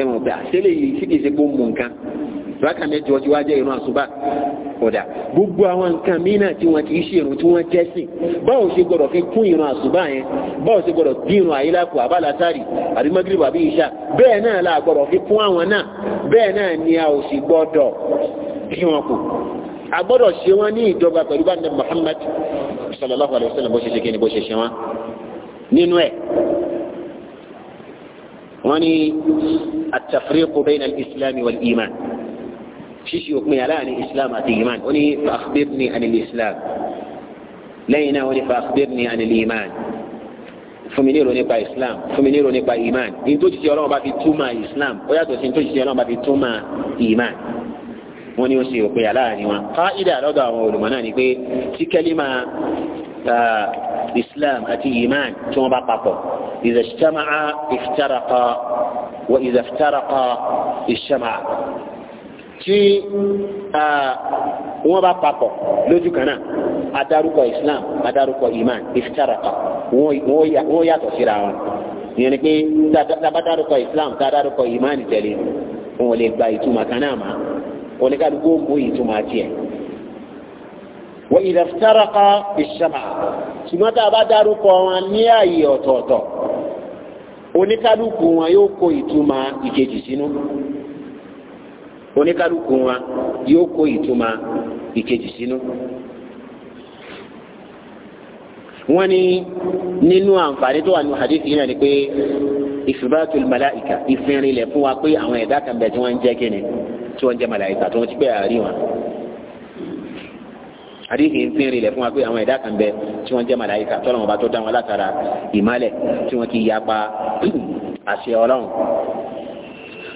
S1: ẹ̀wọ̀n pé àṣẹlẹ̀ yìí sì kì í ṣe pé ó mú nǹkan rákà mẹ́jọ tí wàá jẹ́ ìrun àsùbá ọ̀dà gbogbo àwọn nǹkan míì náà tí wọ́n kì í ṣe ìrun tí wọ́n jẹ́ sìn báwo ṣe gbọ́dọ̀ fi kún ìrun àsùbá yẹn báwo ṣe gbọ́dọ̀ dín ìrun àyíláàkù àbálásárì àbí mọ́gìrìbà àbí ìṣà bẹ́ẹ̀ náà la gbọ́dọ̀ fi kún àwọn náà bẹ́ẹ̀ náà ni a ò sì gbọ́dọ̀ dín wọn kù a gbọ́dọ̀ ṣe wọn ní ìjọba pẹ̀lú bá Muhammad sallallahu alaihi wasallam bó ṣe ṣe kí ni bó ṣe ṣe wọn nínú ẹ̀ wọ́n ní at-tafriqu bayna al-islam wal-iman ṣíṣe òpin aláàánú islam àti iman wọ́n ní fa akhbirni anil islam lẹ́yìn náà wọ́n ní fa akhbirni anil iman fún mi ní ìròyìn nípa islam fún mi ní ìròyìn nípa iman ní tó ṣiṣẹ́ ọlọ́run bá fi túmọ̀ islam ó yàtọ̀ sí ní tó ṣiṣẹ́ ọlọ́run bá fi túmọ̀ iman wọ́n ní ó ṣe òpin aláàánú wọn. fáídà lọ́dọ̀ àwọn olùmọ̀ náà ni pé tí kẹ́lí máa islam àti iman tí wọ́n bá papọ̀ idha ijtama'a iftaraqa wa idha iftaraqa ijtama'a tí wọ́n bá papọ̀ lójú kan náà adarúkọ islam adarúkọ iman iftaraqa wọ́n yàtọ̀ síra wọn ìyẹn ni pé tabadarúkọ islam tabadarúkọ iman tẹ̀lé wọn lè gba ìtumọ̀ kan náà mọ́ oníkàlùkù ó mú ìtumọ̀ tiẹ̀ wọ́n ìdàfitáraka ìṣàmà ṣùgbọ́n tá a bá dárúkọ wọn ní ààyè ọ̀tọ̀ọ̀tọ̀ oníkálukú wọn yóò kó ìtumọ̀ ìkejì sínú oníkálukú wọn yóò kó ìtumọ̀ ìkejì sínú. wọ́n ní nínú àǹfààní tó wà nínú hadith yìí náà ni pé ìfibatu malaika ìfinrinlẹ̀ fún wa pé àwọn ẹ̀dá kan bẹ̀ tí wọ́n ń jẹ́ kíni tí wọ́n ń jẹ́ malaika tí wọ́n ti pẹ́ àárín wọn àdéhì ń fi rinlẹ̀ fún wa pé àwọn ẹ̀dá kan bẹ tí wọ́n jẹ́ màláyíkà tọ́lọ́mọ bá tó dá wọn látara ìmálẹ̀ tí wọ́n kì í yapa àṣẹ ọlọ́run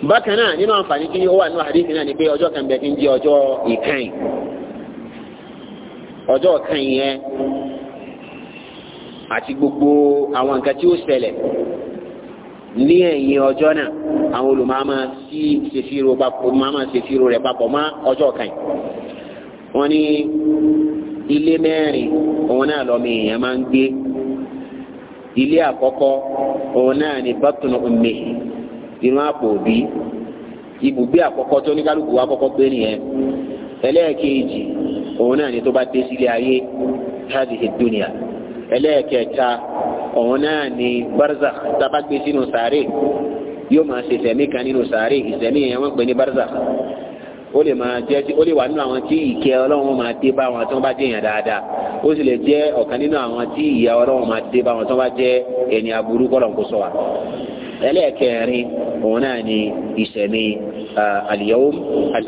S1: bákan náà nínú àǹfààní kí ó wà nínú àdéhì náà ni pé ọjọ́ kan bẹ tí ń jẹ́ ọjọ́ ìkẹyìn ọjọ́ ìkẹyìn yẹn àti gbogbo àwọn nǹkan tí ó ṣẹlẹ̀ ní ẹ̀yìn ọjọ́ náà àwọn olùmọ̀ọ́mọ́ sí ṣèṣirò rẹ̀ papọ̀ mọ́ ọjọ́ kan wọ́n ní ilé mẹ́rin òun náà lọ́mọ èèyàn máa ń gbé ilé àkọ́kọ́ òun náà ní bátùnú ọmọ inú àpò òbí ibùgbé àkọ́kọ́ tó oníkálukú wa kọ́kọ́ gbé nìyẹn ẹlẹ́ẹ̀kejì òun náà ni tó bá dé sílé ayé hadhihi dunya ẹlẹ́ẹ̀kẹta òun náà ni barza tábà gbé sínú sàárè yóò máa ṣe ìsẹ̀mí kan nínú sàárè ìsẹ̀mí yẹn wọ́n pè ní barzakh ó lè máa jẹ́ ó lè wà nínú àwọn tí ìkẹ́ ọlọ́run máa dé bá wọn tí wọ́n bá jẹ́ èèyàn dáadáa ó sì lè jẹ́ ọ̀kan nínú àwọn tí ìyà ọlọ́run máa dé bá wọn tí wọ́n bá jẹ́ ẹni aburú kọ́lọ̀ kó sọ wa. ẹlẹ́ẹ̀kẹrin òun náà ni ìṣẹ̀mí al-yawm al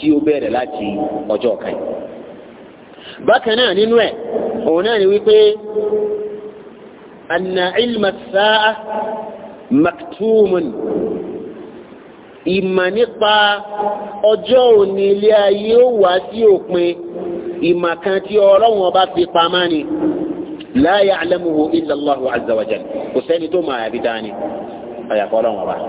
S1: tí ó bẹ̀rẹ̀ láti ọjọ́ kan. bákan náà nínú ẹ̀ òun náà ni wípé anna ilma
S2: maktumun
S1: ìmọ̀ nípa ọjọ́ òní ilé ayé ó wá sí òpin ìmọ̀ kan tí ọlọ́run ọba fi pamá ni la ya'lamuhu illa Allahu azza wa jalla kò sẹ́ni tó máa yàbí dání àyàfọ́ ọba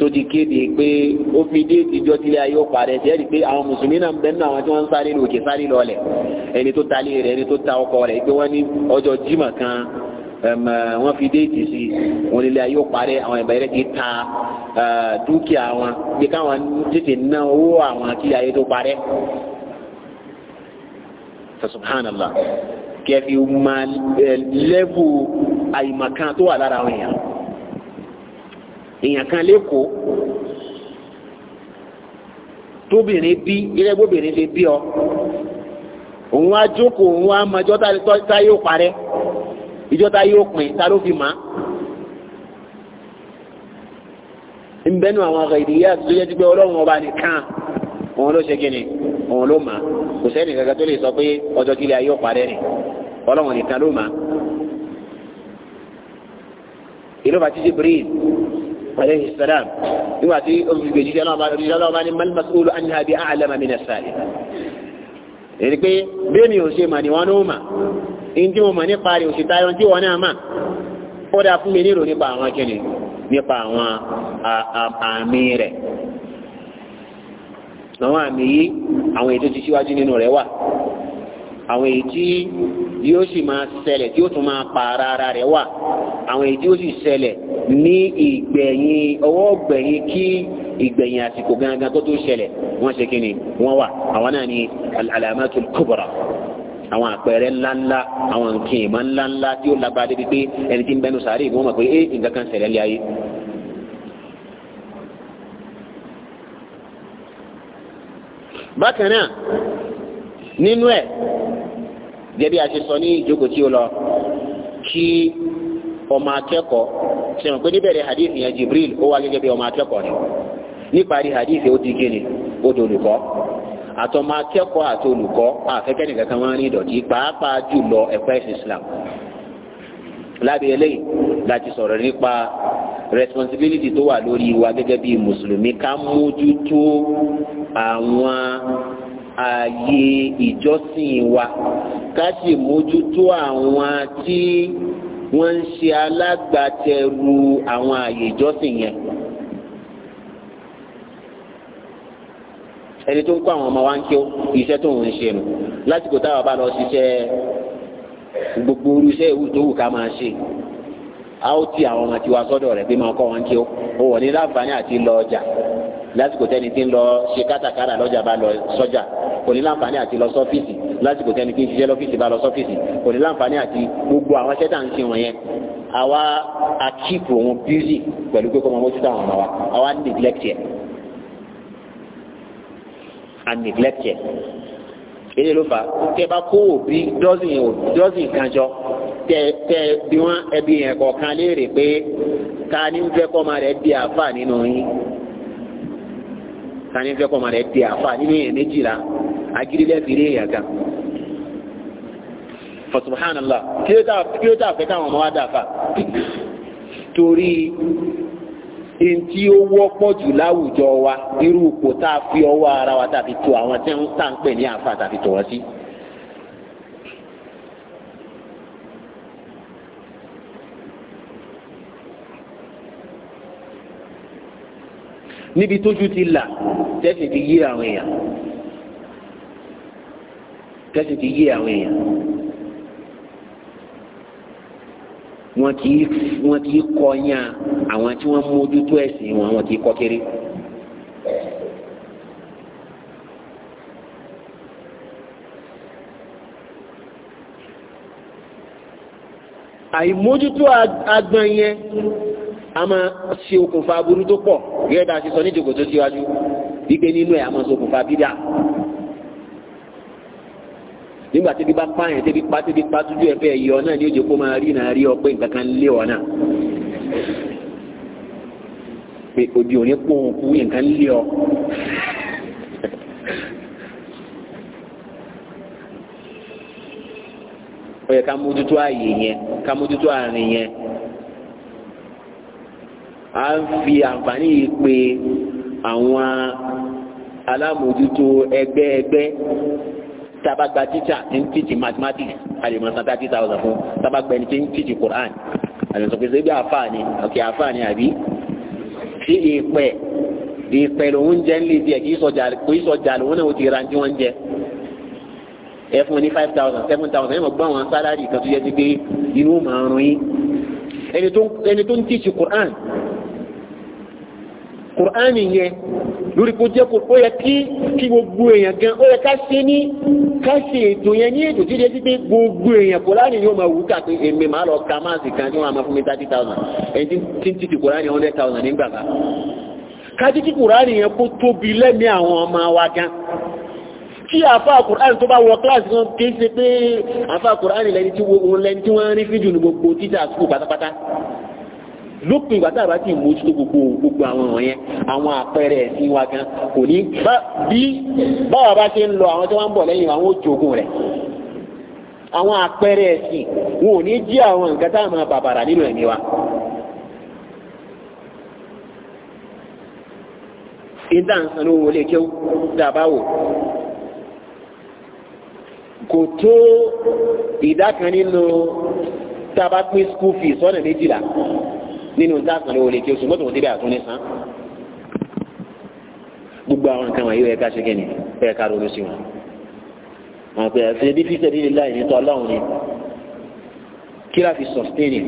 S1: tó ti kéde pé ó fi dé ìtijọ́ tilé ayé ó parẹ́ ṣe é rí i pé àwọn mùsùlùmí náà ń bẹ nínú àwọn tí wọ́n ń sáré lòkè sáré lọ́lẹ̀ ẹni tó talé rẹ̀ ẹni tó ta ọkọ rẹ̀ pé wọ́n ní ọjọ́ Jímọ̀ kan wọ́n fi déètì sí wọn nílé ayé ó parẹ́ àwọn ìbẹ̀rẹ̀ ti ta dúkìá wọn pé káwọn tètè ná owó àwọn kí ayé tó parẹ́ subhanallah kẹfì máa lẹ́bù àyìmọ̀kan tó wà lára àwọn èèyàn èèyàn kan lẹ́kọ̀ọ́ tóbìnrin bí ilé gbóbìnrin lè bí ọ òun á jókòó òun á mọ ìjọ tá yóò parẹ́ ìjọ tá yóò pin tá ló fi mọ́ nbẹnu àwọn ọkọ ìdíyà tó yẹ ti pé ọlọ́run ọba nìkan òun ló ṣe kíni òun ló mà kò sẹ́ni kankan tó lè sọ pé ọjọ́ kílẹ̀ ayé ọ̀parẹ́ ni ọlọ́run nìkan ló mà. ìlú bàtí Jibril alayhi salam nígbà tí olùdíje ọlọ́run bá ní mal mas'ulu anha bi a'lama min as-sa'il èyí pé bẹ́ẹ̀ mi ò ṣe mà ní wọn ló mà ní tí mo mà nípa rẹ̀ òṣìṣẹ́ ayọ̀ tí wọn náà mà ó dáa fún mi nírò nípa àwọn kìnnì nípa àwọn àmì rẹ̀ àwọn àmì yìí àwọn ètò ti síwájú nínú rẹ̀ wà àwọn èyí tí yóò sì máa ṣẹlẹ̀ tí ó tún máa pa ara rẹ̀ wà àwọn èyí tí ó sì ṣẹlẹ̀ ní ìgbẹ̀yìn ọwọ́ gbẹ̀yìn kí ìgbẹ̀yìn àsìkò gangan tó tó ṣẹlẹ̀ wọ́n ṣe kíni wọ́n wà àwọn náà ni al-alamatul kubra àwọn àpẹẹrẹ ńláńlá àwọn nǹkan ìmọ̀ ńláńlá tí ó lágbára débi pé ẹni tí ń bẹnu sàárè ìgbọ́n mọ̀ pé é nǹkan kan ṣẹlẹ̀ lé bákan náà nínú e, gẹ́gẹ́ a ti sọ ní ìjókòó tí o lọ kí ọmọ akẹ́kọ̀ọ́ sẹ̀wọ̀n pé níbẹ̀rẹ̀ hadith yẹn Jibril ó wá gẹ́gẹ́ bí ọmọ akẹ́kọ̀ọ́ ni níparí hadith ó di gíni ó di olùkọ́ àtọmọ akẹ́kọ̀ọ́ àti olùkọ́ àfẹ́kẹ́ nìkan kan wọ́n rí ìdọ̀tí pàápàá jùlọ ẹ̀kọ́ Islam lábẹ́ eléyìí láti sọ̀rọ̀ nípa responsibility tó wà lórí wa bí mùsùlùmí ká mójútó ààyè ìjọsìn wa ká sì mójútó àwọn tí wọ́n ń ṣe alágbàtẹrù àwọn ààyè ìjọsìn yẹn. ẹni tó ń kó àwọn ọmọ wa ń kí ó iṣẹ́ tó ń ṣe nù lásìkò bá lọ ṣiṣẹ́ gbogbo irú iṣẹ́ ìwú tó wù ká máa ṣe a ó ti àwọn ọmọ tiwa sọ́dọ̀ rẹ̀ pé máa kọ́ wọn kí ó ó wọ̀ ní láǹfààní àti lọ ọjà lásìkò tẹ́ni tí ń lọ ṣe kátàkárà lọ́jà bá lọ sọ́jà kò ní láǹfààní àti lọ sọ́fíìsì lásìkò tẹ́ni tí ń ṣiṣẹ́ lọ́fíìsì bá lọ sọ́fíìsì kò ní láǹfààní àti gbogbo àwọn ṣẹ́tà ń ṣe wọ̀nyẹn àwa akíkù òun bíúsì pẹ̀lú pé kó máa mójútó àwọn ọmọ wa àwa neglect yẹ a neglect yẹ èyí ló fà á tẹ bá kó òbí dọ́sìn dọ́sìn kan jọ tẹ tẹ bí wọn ẹbí yẹn kọ̀ọ̀kan léèrè pé ta ni ń fẹ́ kọ́ ọmọ rẹ̀ di àáfà nínú yín tani fẹ́ kọ́mọ rẹ̀ di àfa nínú yẹn méjìlá agirilẹ̀ fìrí èèyàn kan fọ̀sùnmùhánàlá kí ló tà fẹ́ táwọn ọmọ wa dà fa torí ntí ó wọ́pọ̀ jù láwùjọ wa irú ipò tá a fi ọwọ́ ara wa tàbí tó àwọn tẹ́ ń tà ń pè ní àfa tàbí tó Si níbi tójú ti là tẹ́sí ti yé àwọn èèyàn tẹ́sí ti yé àwọn èèyàn wọn kì í wọn kì í kọyàn àwọn tí wọn mójútó
S2: ẹ̀sìn wọn wọn kì í
S1: kọ kéré. àìmójútó agbọn yẹn ama máa ṣe okùnfà aburú tó pọ̀ gẹ́gẹ́ bá a ṣe sọ ní ìjòkó tó síwájú wípé nínú ẹ̀ a máa ṣe okùnfà bídà nígbà tí bí bá pààyàn tí bí pa tí bí pa tójú ẹ fẹ́ yọ náà ní ojú máa rí náà rí ọ nǹkan kan lé ọ náà pé òdi òní pòun kú nǹkan lé ọ. ó yẹ ká mójútó ààyè yẹn ká mójútó àárín yẹn a ń fi àǹfààní yìí pé àwọn alámòjútó ẹgbẹ́ ẹgbẹ́ tabagba títsà ti ń títsì mathematics àlèmọ̀sán thirty thousand fún tabagba ẹni tí ń títsì Quran àlèmọ̀sán pé ṣebí àfààní ọ̀kẹ́ àfààní àbí sí ìpẹ́ ìpẹ́ lòún jẹ́ ń lè díẹ̀ kì í sọjà lòún náà ó ti ra ní wọ́n jẹ́ ẹ fún ní five thousand seven thousand ẹ mọ̀ gbọ́ àwọn sálárì kan tó yẹ ti gbé inú màá rún yín ẹni tó ń tíṣì Qur'an kùránì yẹn lórí kó jẹ́ kó yẹ kí kí gbogbo èèyàn gan ó yẹ ká ṣe ní ká ṣe ètò yẹn ní ètò títí títí gbogbo èèyàn kùránì yóò máa wù kàpé èmi máa lọ ka máàsì kan tí wọ́n máa fún mi thirty thousand ẹni tí ń títí kùránì hundred thousand nígbà kan kájí kí kùránì yẹn kó tóbi lẹ́mí àwọn ọmọ wa gan kí àfa kùránì tó bá wọ kíláàsì kan kì í ṣe pé àfa kùránì lẹni tí wọ́n rí fídíò ní gbogbo títà àsìkò pátápátá lópin ìgbà tá a bá ti mójútó gbogbo gbogbo àwọn ọ̀ràn yẹn àwọn àpẹẹrẹ ẹ̀sìn wa gan kò ní bí báwa bá ṣe ń lọ àwọn tí wọ́n ń bọ̀ lẹ́yìn àwọn òjòògùn rẹ̀ àwọn àpẹẹrẹ ẹ̀sìn wọn ò ní jí àwọn nǹkan tá a máa bàbàrà nínú ẹ̀mí wa. ìdá nǹkan ló wọlé kí ó dàbá wò kò tó ìdá kan nínú tá pín school fees ọ̀nà méjìlá nínú dáàsán lówó lè kí oṣù mọ́tò wọn débẹ̀ àtúnní san gbogbo àwọn nǹkan wọ̀nyí ẹ̀ka ṣe kẹ́ni ẹ̀ka ronú sí wọn wọn pè é ṣe bí fi sẹ́bí lè láì nítorí ọlọ́run ni kí láti sustain it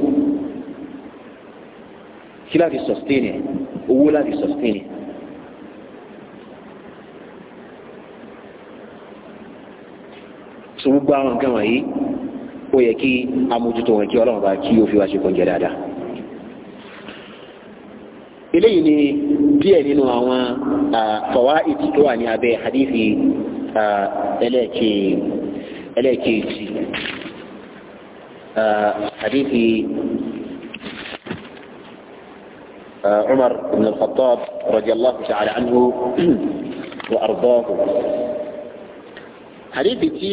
S1: kí láti sustain owó láti sustain it. gbogbo àwọn nǹkan wọ̀nyí ó yẹ kí amójútó wọn kí ọlọ́run bá kí ó fi wá ṣe kọ́ńjẹ dáadáa. eléyìí ni díẹ̀ nínú àwọn fawaid tó wà ní abẹ́ hadithi ẹlẹ́ẹ̀kejì hadithi عمر بن الخطاب رضي الله تعالى عنه وأرضاه hadithi tí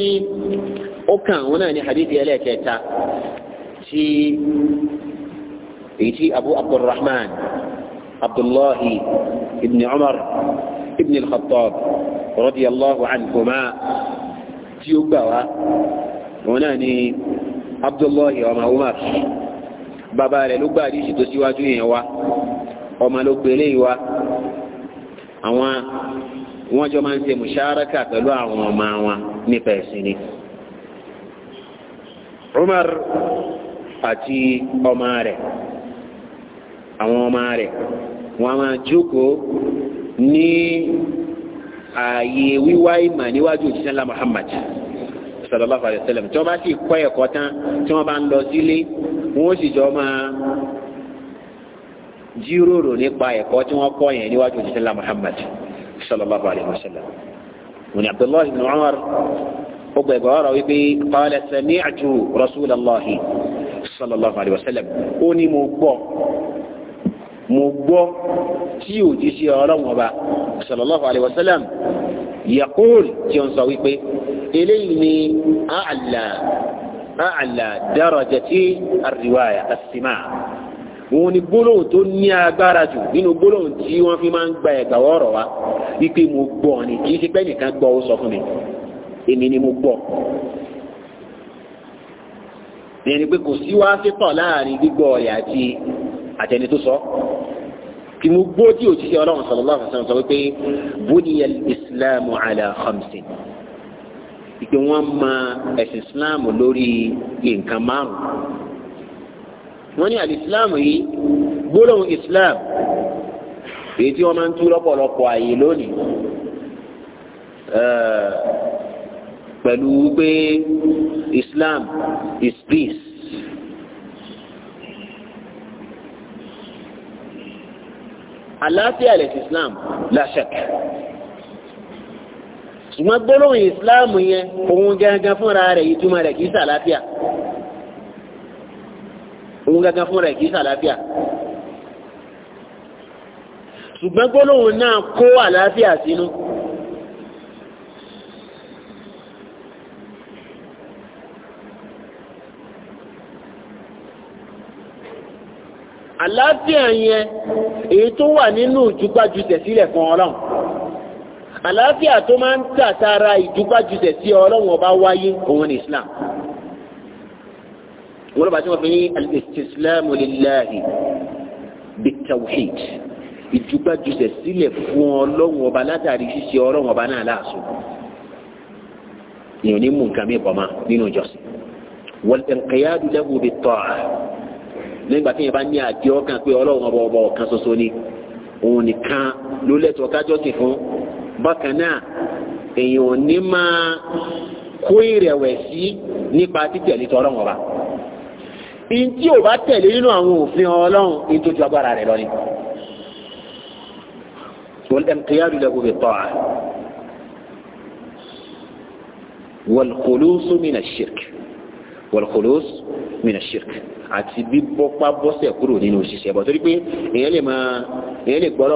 S1: ó kàn wọn náà ni hadithi ẹlẹ́ẹ̀kẹta tí èyí tí abu abdulrahman عبد الله بن عمر بن الخطاب رضي الله عنهما تيوبوا هناني عبد الله وما عمر bàbá rẹ̀ ló gbà àdìsí tó síwájú yẹn wá ọmọ ló gbélé wa àwọn wọn jọ máa ń ṣe mùsáraka pẹ̀lú àwọn ọmọ wọn nípa ẹ̀sìn ni. Umar àti ọmọ rẹ̀ àwọn ọmọ rẹ̀ wọ́n máa jókòó ní ààyè wíwá ìmọ̀ níwájú òjíṣẹ́ ńlá Muhammad sallallahu alayhi wa sallam tí wọ́n bá sì kọ́ ẹ̀kọ́ tán tí wọ́n bá ń lọ sílé wọ́n sì jọ máa jíròrò nípa ẹ̀kọ́ tí wọ́n kọ́ yẹn níwájú òjíṣẹ́ ńlá Muhammad sallallahu alayhi wa sallam. wọn ni Abdullahi ibn Umar ó gbẹ ọ̀rọ̀ wípé qala sami'tu rasulallahi sallallahu alayhi wa sallam ó ní mo gbọ́ mo gbọ́ tí òjíṣẹ́ ọlọ́run ọba sallallahu alayhi wa sallam yaqul tí ó ń sọ wípé eléyìí ni àlà àlà darajati ar-riwaya as-simaa òun ni gbólóhùn tó ní agbára jù nínú gbólóhùn tí wọ́n fi máa ń gba ẹ̀gbà ọ̀rọ̀ wa wípé mo gbọ́ ni kì í ṣe pé nìkan gbọ́ ó sọ fún mi èmi ni mo gbọ́ ìyẹn pé kò sí wá fífọ̀ láàrin gbígbọ́ ọ̀rẹ́ àti àti ẹni tó sọ kí mo gbọ́ tí òṣìṣẹ́ ọlọ́run sallallahu alaihi wasallam sọ wípé buniya islam ala khamsin ìpè wọ́n ma ẹ̀sìn islam lórí nǹkan márùn wọ́n ní alìsílámù yìí gbólóhùn islam èyí tí wọ́n máa ń tú lọ́pọ̀lọpọ̀ àyè lónìí eh, pẹ̀lú pé islam is peace. àlàáfíà lẹ̀sìn islam làṣẹk ṣùgbọ́n gbólóhùn islam yẹn òun gangan fúnra rẹ̀ ìtumọ̀ rẹ̀ kì í sàlàáfíà òun gangan fúnra rẹ̀ kì í sàlàáfíà ṣùgbọ́n gbólóhùn náà kó àlàáfíà sínú. àlàáfíà yẹn èyí tó wà nínú ìjúgbájútẹ̀ sílẹ̀ fún ọlọ́run àlàáfíà tó máa ń tàtara ìjúgbájútẹ̀ sí ọlọ́run ọba wáyé òun ní islam wọ́n lọ́ba tí wọ́n fi ní al-istislamu lillahi bit-tawhid ìjúgbájútẹ̀ sílẹ̀ fún ọlọ́run ọba látàrí ṣíṣe ọlọ́run ọba náà láàṣọ ìyọ̀ní nǹkan mi bọ̀ lẹ́gbàá tí yẹn bá ní àjẹ́ ọkàn pé ọlọ́run ọba ọba ọ̀kan ṣoṣo ni òun nìkan ló lẹ́tọ̀ọ́ kájọ́sìn fún bákan náà èèyàn ò ní máa kó ìrẹ̀wẹ̀sí nípa títẹ̀lé tọ́lọ́run ọba in tí o bá tẹ̀lé nínú àwọn òfin ọlọ́run in tó ju agbára rẹ̀ lọ ni. والانقياد له بالطاعة والخلوص من الشرك والخلوص من الشرك àti bíbọ́pá bọ́sẹ̀ kúrò nínú òṣìṣẹ́ bọ̀ torí pé èèyàn lè máa èèyàn lè gbọ́ pé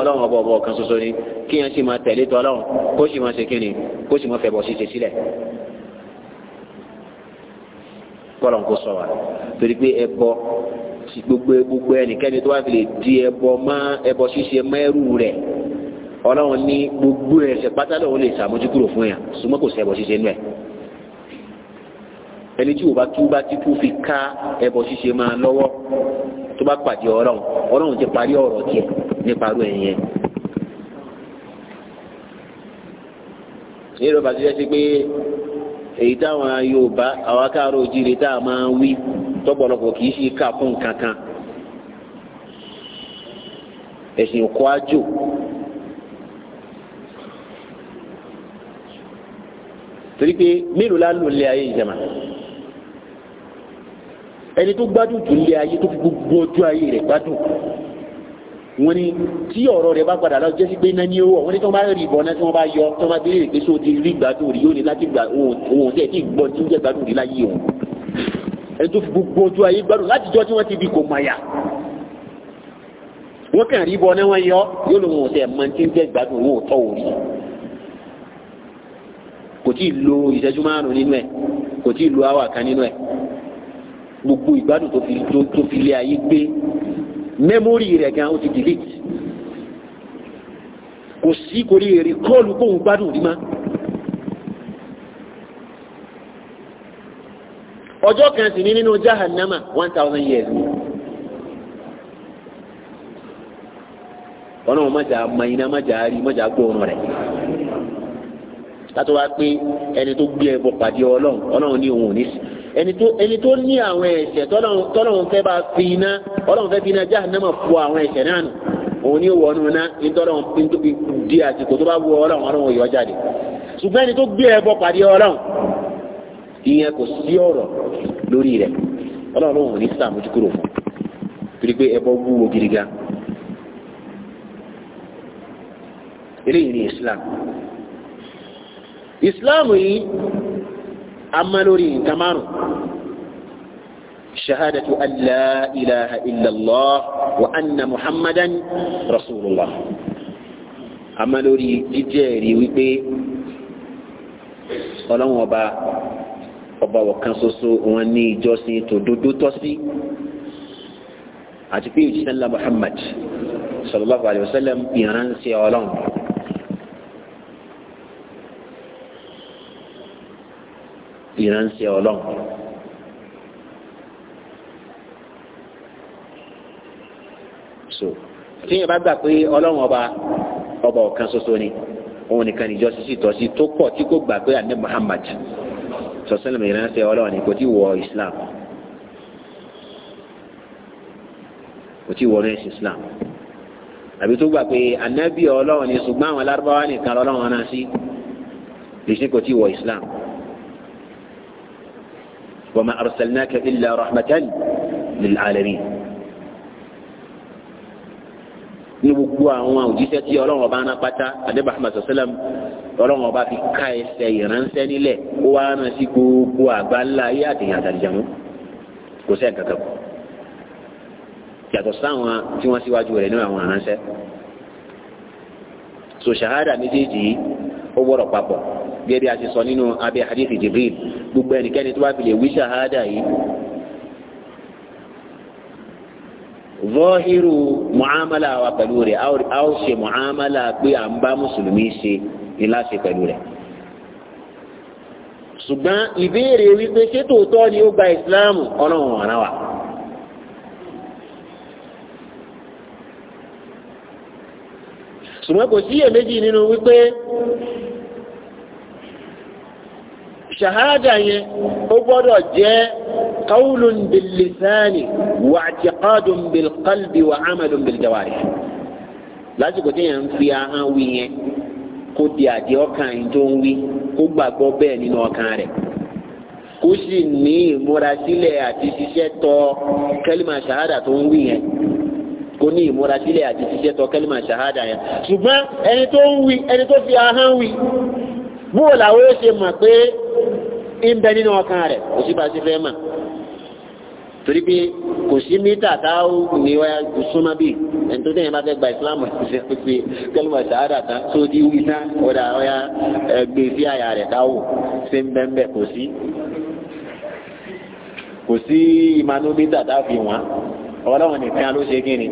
S1: ọlọ́run ọba ọba ọ̀kan ṣoṣo ni kí èèyàn sì máa tẹ̀lé tọ́ ọlọ́run kó sì máa ṣe kí ni kó sì máa fẹ̀bọ̀ ṣiṣẹ́ sílẹ̀ kọ́lọ̀ kó sọ wa torí pé ẹbọ ti gbogbo gbogbo ẹnikẹ́ni tó wá fi lè di ẹbọ mọ́ ẹbọ ṣíṣe mẹ́rù rẹ̀ ọlọ́run ní gbogbo ẹ̀ṣẹ̀ pátá lòun lè ṣàmójúkúrò fún yàn ẹni tí ó bá túbá tí kú fi ká ẹbọ ṣíṣe máa lọ́wọ́ tó bá pàdé ọlọ́run ọlọ́run ti parí ọ̀rọ̀ tiẹ̀ nípa irú ẹ̀yìn yẹn. nílò bàtí jẹ́ sí pé èyí táwọn Yorùbá àwọn akáàrọ̀ òjìrè tá a máa ń wí tọ́pọ̀lọpọ̀ kì í ṣe ká fún nǹkan ẹ̀sìn kọ́ àjò torí pé mélòó la lò lé ayé ìjàmà ẹni tó gbádùn jù lé ayé tó fi gbogbo ojú ayé rẹ̀ gbádùn wọ́n ní tí ọ̀rọ̀ rẹ̀ bá padà lọ jẹ́sí pé náà ní owó àwọn onítọ́ bá rí ìbọn náà tí wọ́n bá yọ tí wọ́n bá bí èrè gbèsò ti rí gbádùn rí òní láti gbà òun òun tẹ̀ tí gbọ́ tí ń jẹ́ gbádùn rí láyé òun ẹni tó fi gbogbo ojú ayé gbádùn láti jọ tí wọ́n ti bí kò mọ̀yà wọ́n kàn rí ìbọn náà wọ́n yọ yóò lóun òun tẹ̀ mọ tí ń jẹ́ gbádùn òun tọ́ òun kò tí ì lo ìṣẹ́jú márùn-ún nínú ẹ̀ kò tí ì lo áwà kan nínú ẹ̀ gbogbo ìgbádùn tó fi tó fi lé ayé gbé mẹ́mórì rẹ̀ gan ó ti delete kò sí kò lè rí kọ́ọ̀lù kóhun gbádùn rí má. ọjọ́ kan sì ní nínú jahannama one thousand years ni. ọlọ́run mọ̀jà mayiná mọ̀jà rí mọ̀jà gbóòórùn rẹ̀ látọ̀ wá pé ẹni tó gbé ẹbọ pàdé ọlọ́run ọlọ́run ní òun ò ní sí ẹni tó ní àwọn ẹ̀ṣẹ̀ tọ́lọ́run fẹ́ bá fi iná ọlọ́run fẹ́ fi iná jahannama fọ àwọn ẹ̀ṣẹ̀ náà nù òun ni wọ́n nuna ìtọ́lọ́run nítorí di àsìkò tó bá wù ọlọ́run ọlọ́run yọ jáde ṣùgbọ́n ẹni tó gbé ẹbọ pàdé ọlọ́run ìyẹn kò sí ọ̀rọ̀ lórí rẹ̀ ọlọ́run ò ní sàmójú kúrò fún torí pé ẹbọ wúwo gidi eléyìí ni Islam Islam yìí a má lórí nǹkan márùn-ún شهادة أن لا إله إلا الله وأن محمدا رسول الله àmọ́ lórí jíjẹ́rìí ويبي. ọlọ́run ọba ọba ọ̀kan ṣoṣo wọn ní ìjọsìn tòdodo tọ́ sí àti pé òjíṣẹ́ ńlá Muhammad sallallahu alayhi wa ọlọ́run. ìránṣẹ́ ọlọ́run. so tíyẹn bá gbà pé ọlọ́run ọba ọba ọ̀kan ṣoṣo ni òun nìkan níjọ sísì tọ́sí tó pọ̀ tí kò gbà pé àní Muhammad sọ̀sẹ́lẹ̀ mi ránṣẹ́ ọlọ́run ni kò tí wọ Islam kò tí wọ rẹ́sì Islam àbí tó gbà pé ànábì ọlọ́run ni ṣùgbọ́n àwọn alárúbáwá nìkan ọlọ́run náà sí lè kò tí wọ Islam. wa ma arsalnaka illa rahmatan lil alamin. ní gbogbo àwọn òjíṣẹ́ tí ọlọ́run ọba náà pátá adébà ahmed sọsẹlẹm ọlọ́run ọba fi ká ẹsẹ̀ ìránṣẹ́ nílẹ̀ ó wá rán sí gbogbo àgbá ńlá ayé àtẹ̀yìn àtàlìjàmú kò sẹ́ẹ̀ kankan kù yàtọ̀ sáwọn tí wọ́n síwájú rẹ̀ nínú àwọn ìránṣẹ́ so shahada méjèèjì ó wọ̀rọ̀ papọ̀ gẹ́gẹ́ bí a ti sọ nínú abẹ́ hadith jibril gbogbo ẹnikẹ́ni tó bá fi lè wí shahada yìí zọ́hírù mu'amala wa pẹ̀lú rẹ̀ a ó ṣe mu'amala pé à ń bá mùsùlùmí ṣe ni láṣẹ pẹ̀lú rẹ̀ ni ó gba wa. siye meji nínú wípé ṣàhádà yẹn ó gbọ́dọ̀ jẹ́ قول باللسان واعتقاد بالقلب وعمل بالجوارح lásìkò tí yẹn ń fi ahọ́n wí yẹn kó di àdé ọkàn yìí tó ń wí kó gbàgbọ́ bẹ́ẹ̀ nínú ọkàn rẹ̀ kó sì ní ìmúrasílẹ̀ àti ṣiṣẹ́ tọ kẹ́límà ṣàhádà tó ń wí yẹn kó ní ìmúrasílẹ̀ àti ṣiṣẹ́ tọ kẹ́límà ṣàhádà yẹn ṣùgbọ́n ẹni tó ń wí ẹni tó fi ahọ́n wí bóòlà ó ṣe mọ̀ pé ń bẹ nínú ọkàn rẹ̀ kò sí bá ṣe fẹ́ mọ̀ torí pé kò sí mítà tá a ó ní wáyà súnmọ́ bí ẹni tó tẹ̀yìn bá fẹ́ gba ìsìlámù ṣe pé kẹlùmọ̀ sàádà tán tó di wí tán ọ̀dà ọ̀yà ẹgbẹ́ sí àyà rẹ̀ ká wò ṣe ń bẹ́ẹ̀ kò sí kò sí ìmanú mítà tá a ọlọ́run nìkan ló ṣe kíni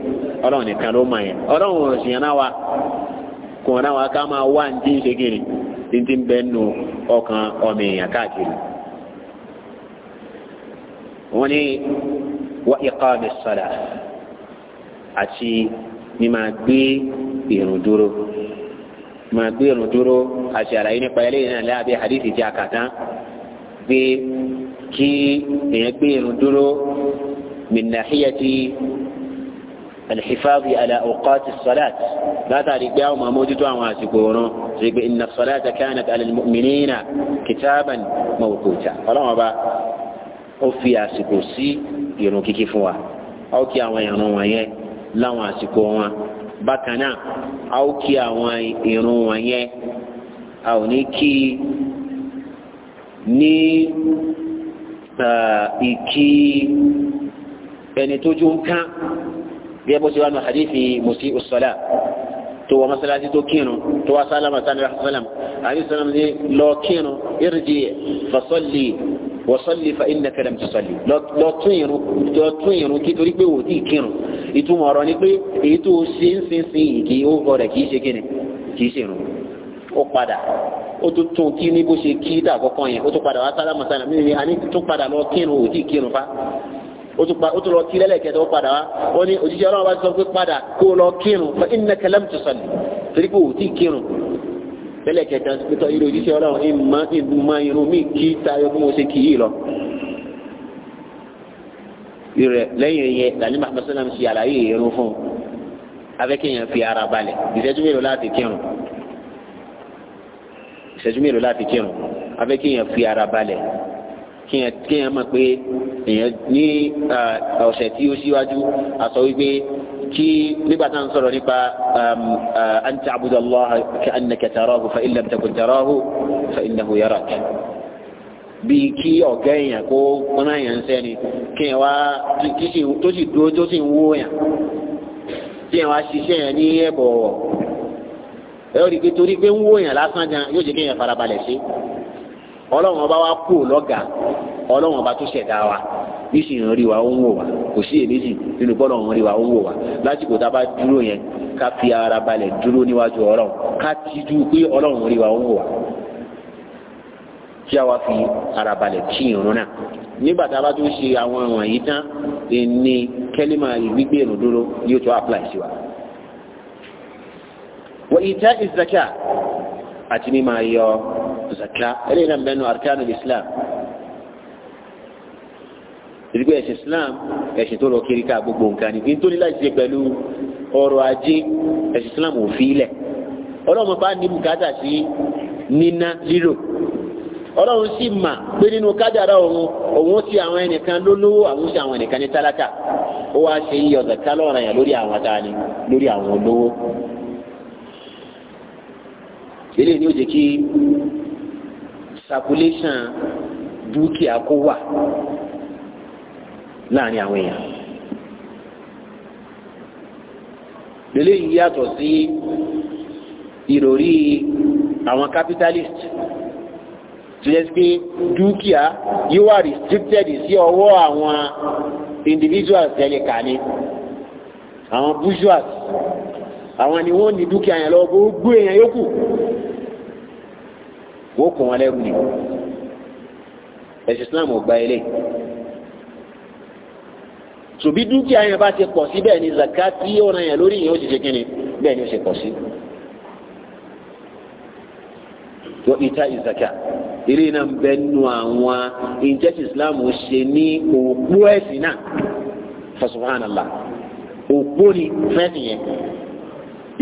S1: ọlọ́run nìkan ló mọ̀ yẹn ọlọ́run òṣìyàn náà wa kò náà wa ká máa wá ní ti ń ṣe kíni ti ń bẹ́ẹ̀ nù ọkàn ọmọ èèyàn káàkiri wọ́n ní wa iqaami ssalah àti ní máa gbé ìrun dúró máa gbé ìrun dúró àti àlàyé nípa eléyìí náà lábẹ́ hadith tí a kà tán gbé kí èèyàn gbé ìrun dúró min nahiyati الحفاظ على أوقات الصلاة لا تاريخ يوم موجود واسقون إن الصلاة كانت على المؤمنين كتابا موقوتا فلما با ó fi àsìkò sí ìrun kíkí fún wa a ó kí àwọn ìrun wọ̀nyẹn láwọn àsìkò wọn bákan náà a ó kí àwọn ìrun wọ̀nyẹn a ò ní kí ní ìkí ẹni tójú ń kán gẹ́gẹ́ bó ṣe wà ní hadithi musi usala tó wọ masalasi tó kírun tó wá sálámà sálàmù àdìsí sálàmù ní lọ kírun irji fasalli wọ́sọ́lì fa iná kẹlẹ́m ti sọ́lì lọ tún irun kí torí pé wò tí kírun ìtumọ̀ ọ̀rọ̀ ni pé èyí tó ṣe ń sin sin ìkì ó kọ rẹ̀ kìí ṣe kíni kìí ṣe irun ó padà ó tún tún kí ní bó ṣe kí dàkọ́kọ́ yẹn ó tún padà wá sálámà sálámà mímí àní tún padà lọ kírun wò tí kírun fa ó tún lọ kí lẹ́lẹ́kẹ̀ẹ́ tó padà wá ó ní òjíṣẹ́ ọlọ́run bá sọ pé padà kó lọ kírun fa iná kẹlẹ́m ti sọ́lì torí pé wò tí kírun lẹ́lẹ̀ kẹta pẹ̀tọ́ irú ojúṣe ọlọ́run ìmọ̀ ìmọ̀ irun mi kí tayọ bí mo ṣe kì í lọ. irẹ̀ lẹ́yìn yẹn làní màmá sọ́nàm ṣe àlàyé irun fún un afẹ́kẹ́yàn fi ara balẹ̀ ìṣẹ́jú mélòó láti kírun ìṣẹ́jú mélòó láti kírun afẹ́kẹ́yàn fi ara balẹ̀ kíyàn kíyàn mọ̀ pé ní ọ̀sẹ̀ tí ó síwájú àsọ wípé kí nígbà tá à ń sọ̀rọ̀ nípa um, uh, an ta'budu Allaha ka'annaka tarahu fa in lam takun tarahu fa innahu yarak bíi kí ọ̀gá èèyàn kó pọ́nà èèyàn sẹ́ni kí ẹ̀ tó sì dúró tó sì ń wó èèyàn tí ẹ̀ ṣiṣẹ́ yẹn ní ẹ̀bọ̀ ọ̀wọ̀ ẹ torí pé ń wó èèyàn lásán gan yóò jẹ́ kí èèyàn farabalẹ̀ sí ọlọ́run ọba wa kú lọ́gàá ọlọ́run ọba tó ṣẹ̀dá wa níṣì ń rí wa ó ń wò wá kò sí èméjì nínú gbọ́dọ̀ ń rí wa ó ń wò wá lásìkò tá a bá dúró yẹn ká fi ara balẹ̀ dúró níwájú ọlọ́run ká tijú pé ọlọ́run rí wa ó ń wò wá tí a wá fi ara balẹ̀ kí irun náà nígbà tá a bá tún ṣe àwọn wọ̀nyí tán ẹni kẹ́límà gbígbé irun dúró yóò tún apply sí wa. wọ́n ìtẹ́ ìzaka àti mímọ̀ ayọ̀ zaka eléyìí náà bẹ́ẹ̀ arkanu islam. torí pé Islam ẹ̀sìn tó lọ gbogbo nǹkan ni nítorí ise pelu pẹ̀lú ọrọ̀ ajé Islam ò fi ilẹ̀ ọlọ́run bá ní bùkátà sí níná lílò ọlọ́run sì mà pé nínú kádàrá òun òun ti àwọn ẹnìkan lólówó àwọn sì àwọn ẹnìkan ní tálákà ó ṣe iye ọ̀sẹ̀ kálọ̀ọ̀rọ̀ yẹn lórí àwọn táni lórí àwọn olówó circulation dúkìá kó láàrin àwọn èèyàn. lélẹ́ yìí yàtọ̀ sí ìròrí àwọn capitalist tó yẹ pé dúkìá yóò wà restricted sí ọwọ́ àwọn individuals tẹ́lẹ̀ kà ní àwọn bourgeois àwọn ni wọ́n ní dúkìá yẹn lọ́wọ́ gbogbo èèyàn yókù wọ́n kò wọn lẹ́rù ni ẹ̀sìn Islam ò gba eléyìí sòbí dúkìá yẹn bá ti pọ̀ sí bẹ́ẹ̀ ni zaka tí ọ̀ràn yẹn lórí yẹn ó ti ṣe kíni bẹ́ẹ̀ ni ó ṣe pọ̀ sí. yọ ìta ìzaka eré náà bẹ nu àwọn ìjẹ́sí islam ṣe ní òpó ẹ̀sìn náà fasubhanallah òpó ni fẹ́ẹ̀sì yẹn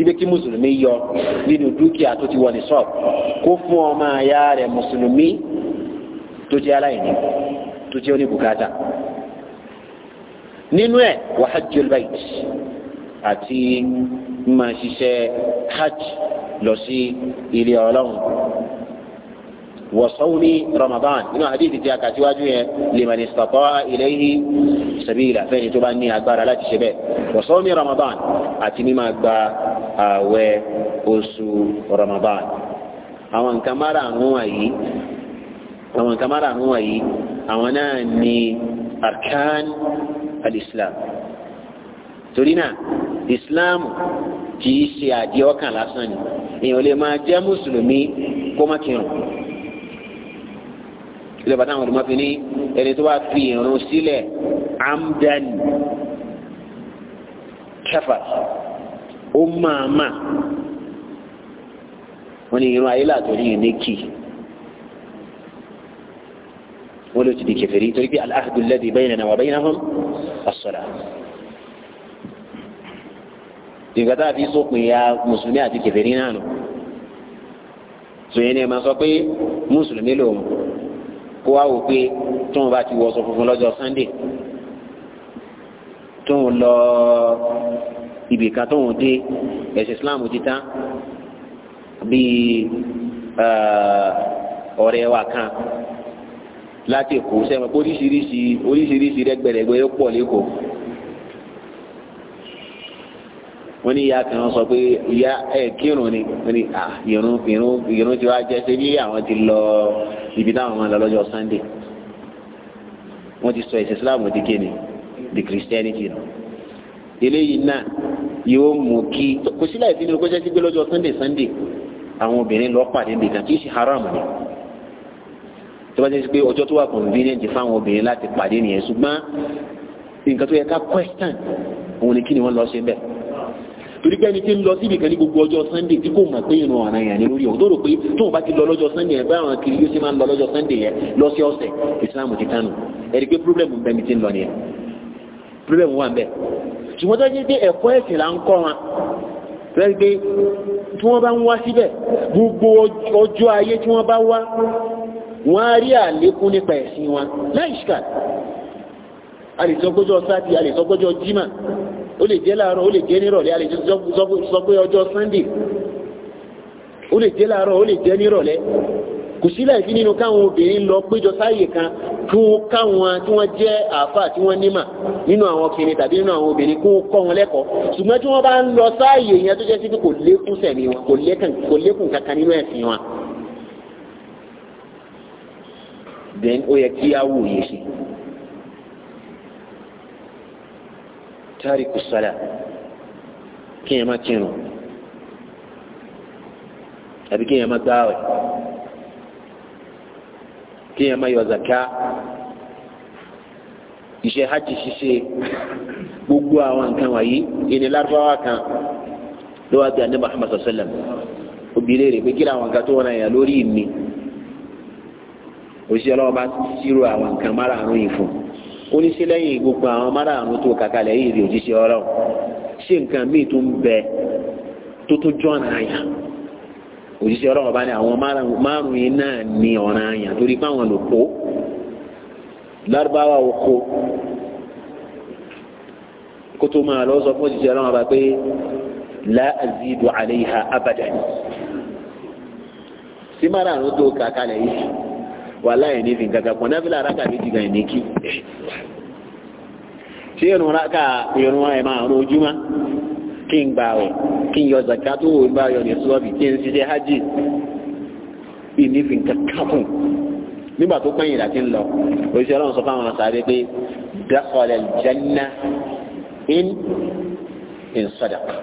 S1: ibi kí mùsùlùmí yọ nínú dúkìá tó ti wọ ní kó fún ọmọ àyà rẹ̀ mùsùlùmí tó jẹ́ aláìní tó jẹ́ oníbùkátà nínú ẹ̀ wà hajjul bayt àti máa ṣiṣẹ́ hajj lọ sí ilé ọlọ́run wa sawmi ramadan nínú àdìsí tí a kà síwájú yẹn liman istata'a ilayhi sabila fẹ́ni tó bá ní agbára láti ṣe bẹ́ẹ̀ wa sawmi ramadan àti mímọ́ gba ààwẹ̀ oṣù ramadan àwọn nǹkan márààrún wọ̀nyí àwọn nǹkan márààrún wọ̀nyí àwọn náà ní arkan al-islam torí náà islam kìí ṣe àdìọ́kàn lásán ni èèyàn lè máa jẹ́ mùsùlùmí kó má kírun ilé bàtà àwọn olùmọ̀fin ní ẹni tó bá fi ìrun sílẹ̀ amdan kẹfà ó máa mà wọ́n ní ìrun ayé látọ̀ ní ìní kìí wọ́n ló ti di kèfèrí torí pé al-ahdu alladhi baynana wa baynahum as-salah ìgbà tá a fi sópin ya mùsùlùmí àti kèfèrí náà nù sòyìn ni ẹ máa sọ pé mùsùlùmí lòun kó wá wò pé tóun bá ti wọṣọ funfun lọ́jọ́ Sunday tóun lọ ibì kan tóun dé ẹ̀sìn Islam ti tán bíi ọ̀rẹ́ wa kan láti èkó sẹ́wọ̀n pé oríṣiríṣi oríṣiríṣi rẹ́gbẹ̀rẹ́gbẹ́ pọ̀ lẹ́kọ̀ọ́ wọ́n ní ìyá kan sọ pé ìyá ẹ̀ kírun ni wọ́n ní à ìrun ìrun ìrun tí wàá jẹ́ ṣe bí àwọn ti lọ ibi táwọn máa lọ lọ́jọ́ Sunday wọ́n ti sọ ẹ̀sìn Islam di kéde di Christianity nù eléyìí náà yóò mú kí kò sílẹ̀ ìdí ni o kó jẹ́ sí pé lọ́jọ́ Sunday Sunday àwọn obìnrin lọ́ọ́ pàdé nìkan kì í ṣe haram ni tó bá jẹ́ pé ọjọ́ tó wà convenient fáwọn obìnrin láti pàdé nìyẹn ṣùgbọ́n nǹkan tó yẹ ká question òun ni kí ni wọ́n lọ ṣe bẹ́ẹ̀ torí pé ẹni tí ń lọ síbi kan ní gbogbo ọjọ́ sunday tí kò mọ̀ pé ìrìn ọ̀ràn yẹn ni lórí ọ̀dọ́ rò pé tóun bá ti lọ lọ́jọ́ sunday yẹn báwọn kiri yóò ṣe máa ń lọ lọ́jọ́ sunday yẹn lọ́sẹ̀ ọ̀sẹ̀ islam ti tánu ẹ̀rí pé problem ń bẹ mi ti ń lọ nìyẹn problem wà ń bẹ ṣùgbọ́n tó ṣe pé ẹ̀kọ́ ẹ̀sìn là ń kọ́ wọn rẹ́ pé tí wọ́n bá ń wá síbẹ̀ gbogbo ọjọ́ ayé tí wọ́n bá wá wọ́n á rí àlékún nípa ẹ̀sìn wọn láìṣíkà a lè sọgbójọ́ sátì a lè ó lè jẹ́ láàárọ̀ ó lè jẹ́ nírọ̀lẹ́ a lè ọjọ́ sunday ó lè jẹ́ láàárọ̀ ó lè jẹ́ nírọ̀lẹ́ kò sí láìfi nínú káwọn obìnrin lọ péjọ sáàyè kan káwọn tí wọ́n jẹ́ then ó yẹ kí á wòye sí tariku sala kí ẹ má kírun àbí kí ẹ má gbáwẹ̀ kí ẹ má yọ zaka iṣẹ́ hajj ṣíṣe gbogbo àwọn nǹkan wọ̀nyí ìní lárúbáwá kan ló wá bí anabi sallam obìnrin rẹ̀ pé kí ni àwọn nǹkan tó wọn náà lórí mi òṣìṣẹ́ ọlọ́wọ́ bá ṣírò àwọn nǹkan márààrún yìí fún un ó ní ṣe lẹ́yìn gbogbo àwọn márààrún tó kàkà lẹ́yìn ìrì òṣìṣẹ́ ọlọ́wọ́ ṣé nǹkan míì tó ń bẹ tó tó jọ́nà àyà òṣìṣẹ́ ọlọ́wọ́ bá ní àwọn márùn yìí náà ní ọ̀ràn àyà torí pé àwọn lòpó lárúbáwá oko kó tó máa lọ sọ fún òṣìṣẹ́ ọlọ́wọ́ bá pé láàzídù àlẹ́ ìhà abàdàn sí márààrún tó kàkà lẹ́yìn wàhálà yẹn ní fi gàgà pọ̀ náfìlà rákà méjì gan ní kí ṣé irun rákà irun ẹ̀ máa rún ojúmọ́ kí n gbà ọ̀ kí n yọ zaka tó wò bá yọ ní sọ́ọ̀bì kí n ṣiṣẹ́ hajj ìní fi gàgà kù nígbà tó pẹ́yìn ìdá ń lọ oṣù ọlọ́run sọ fáwọn sáré pé dakhala al in in sadaqa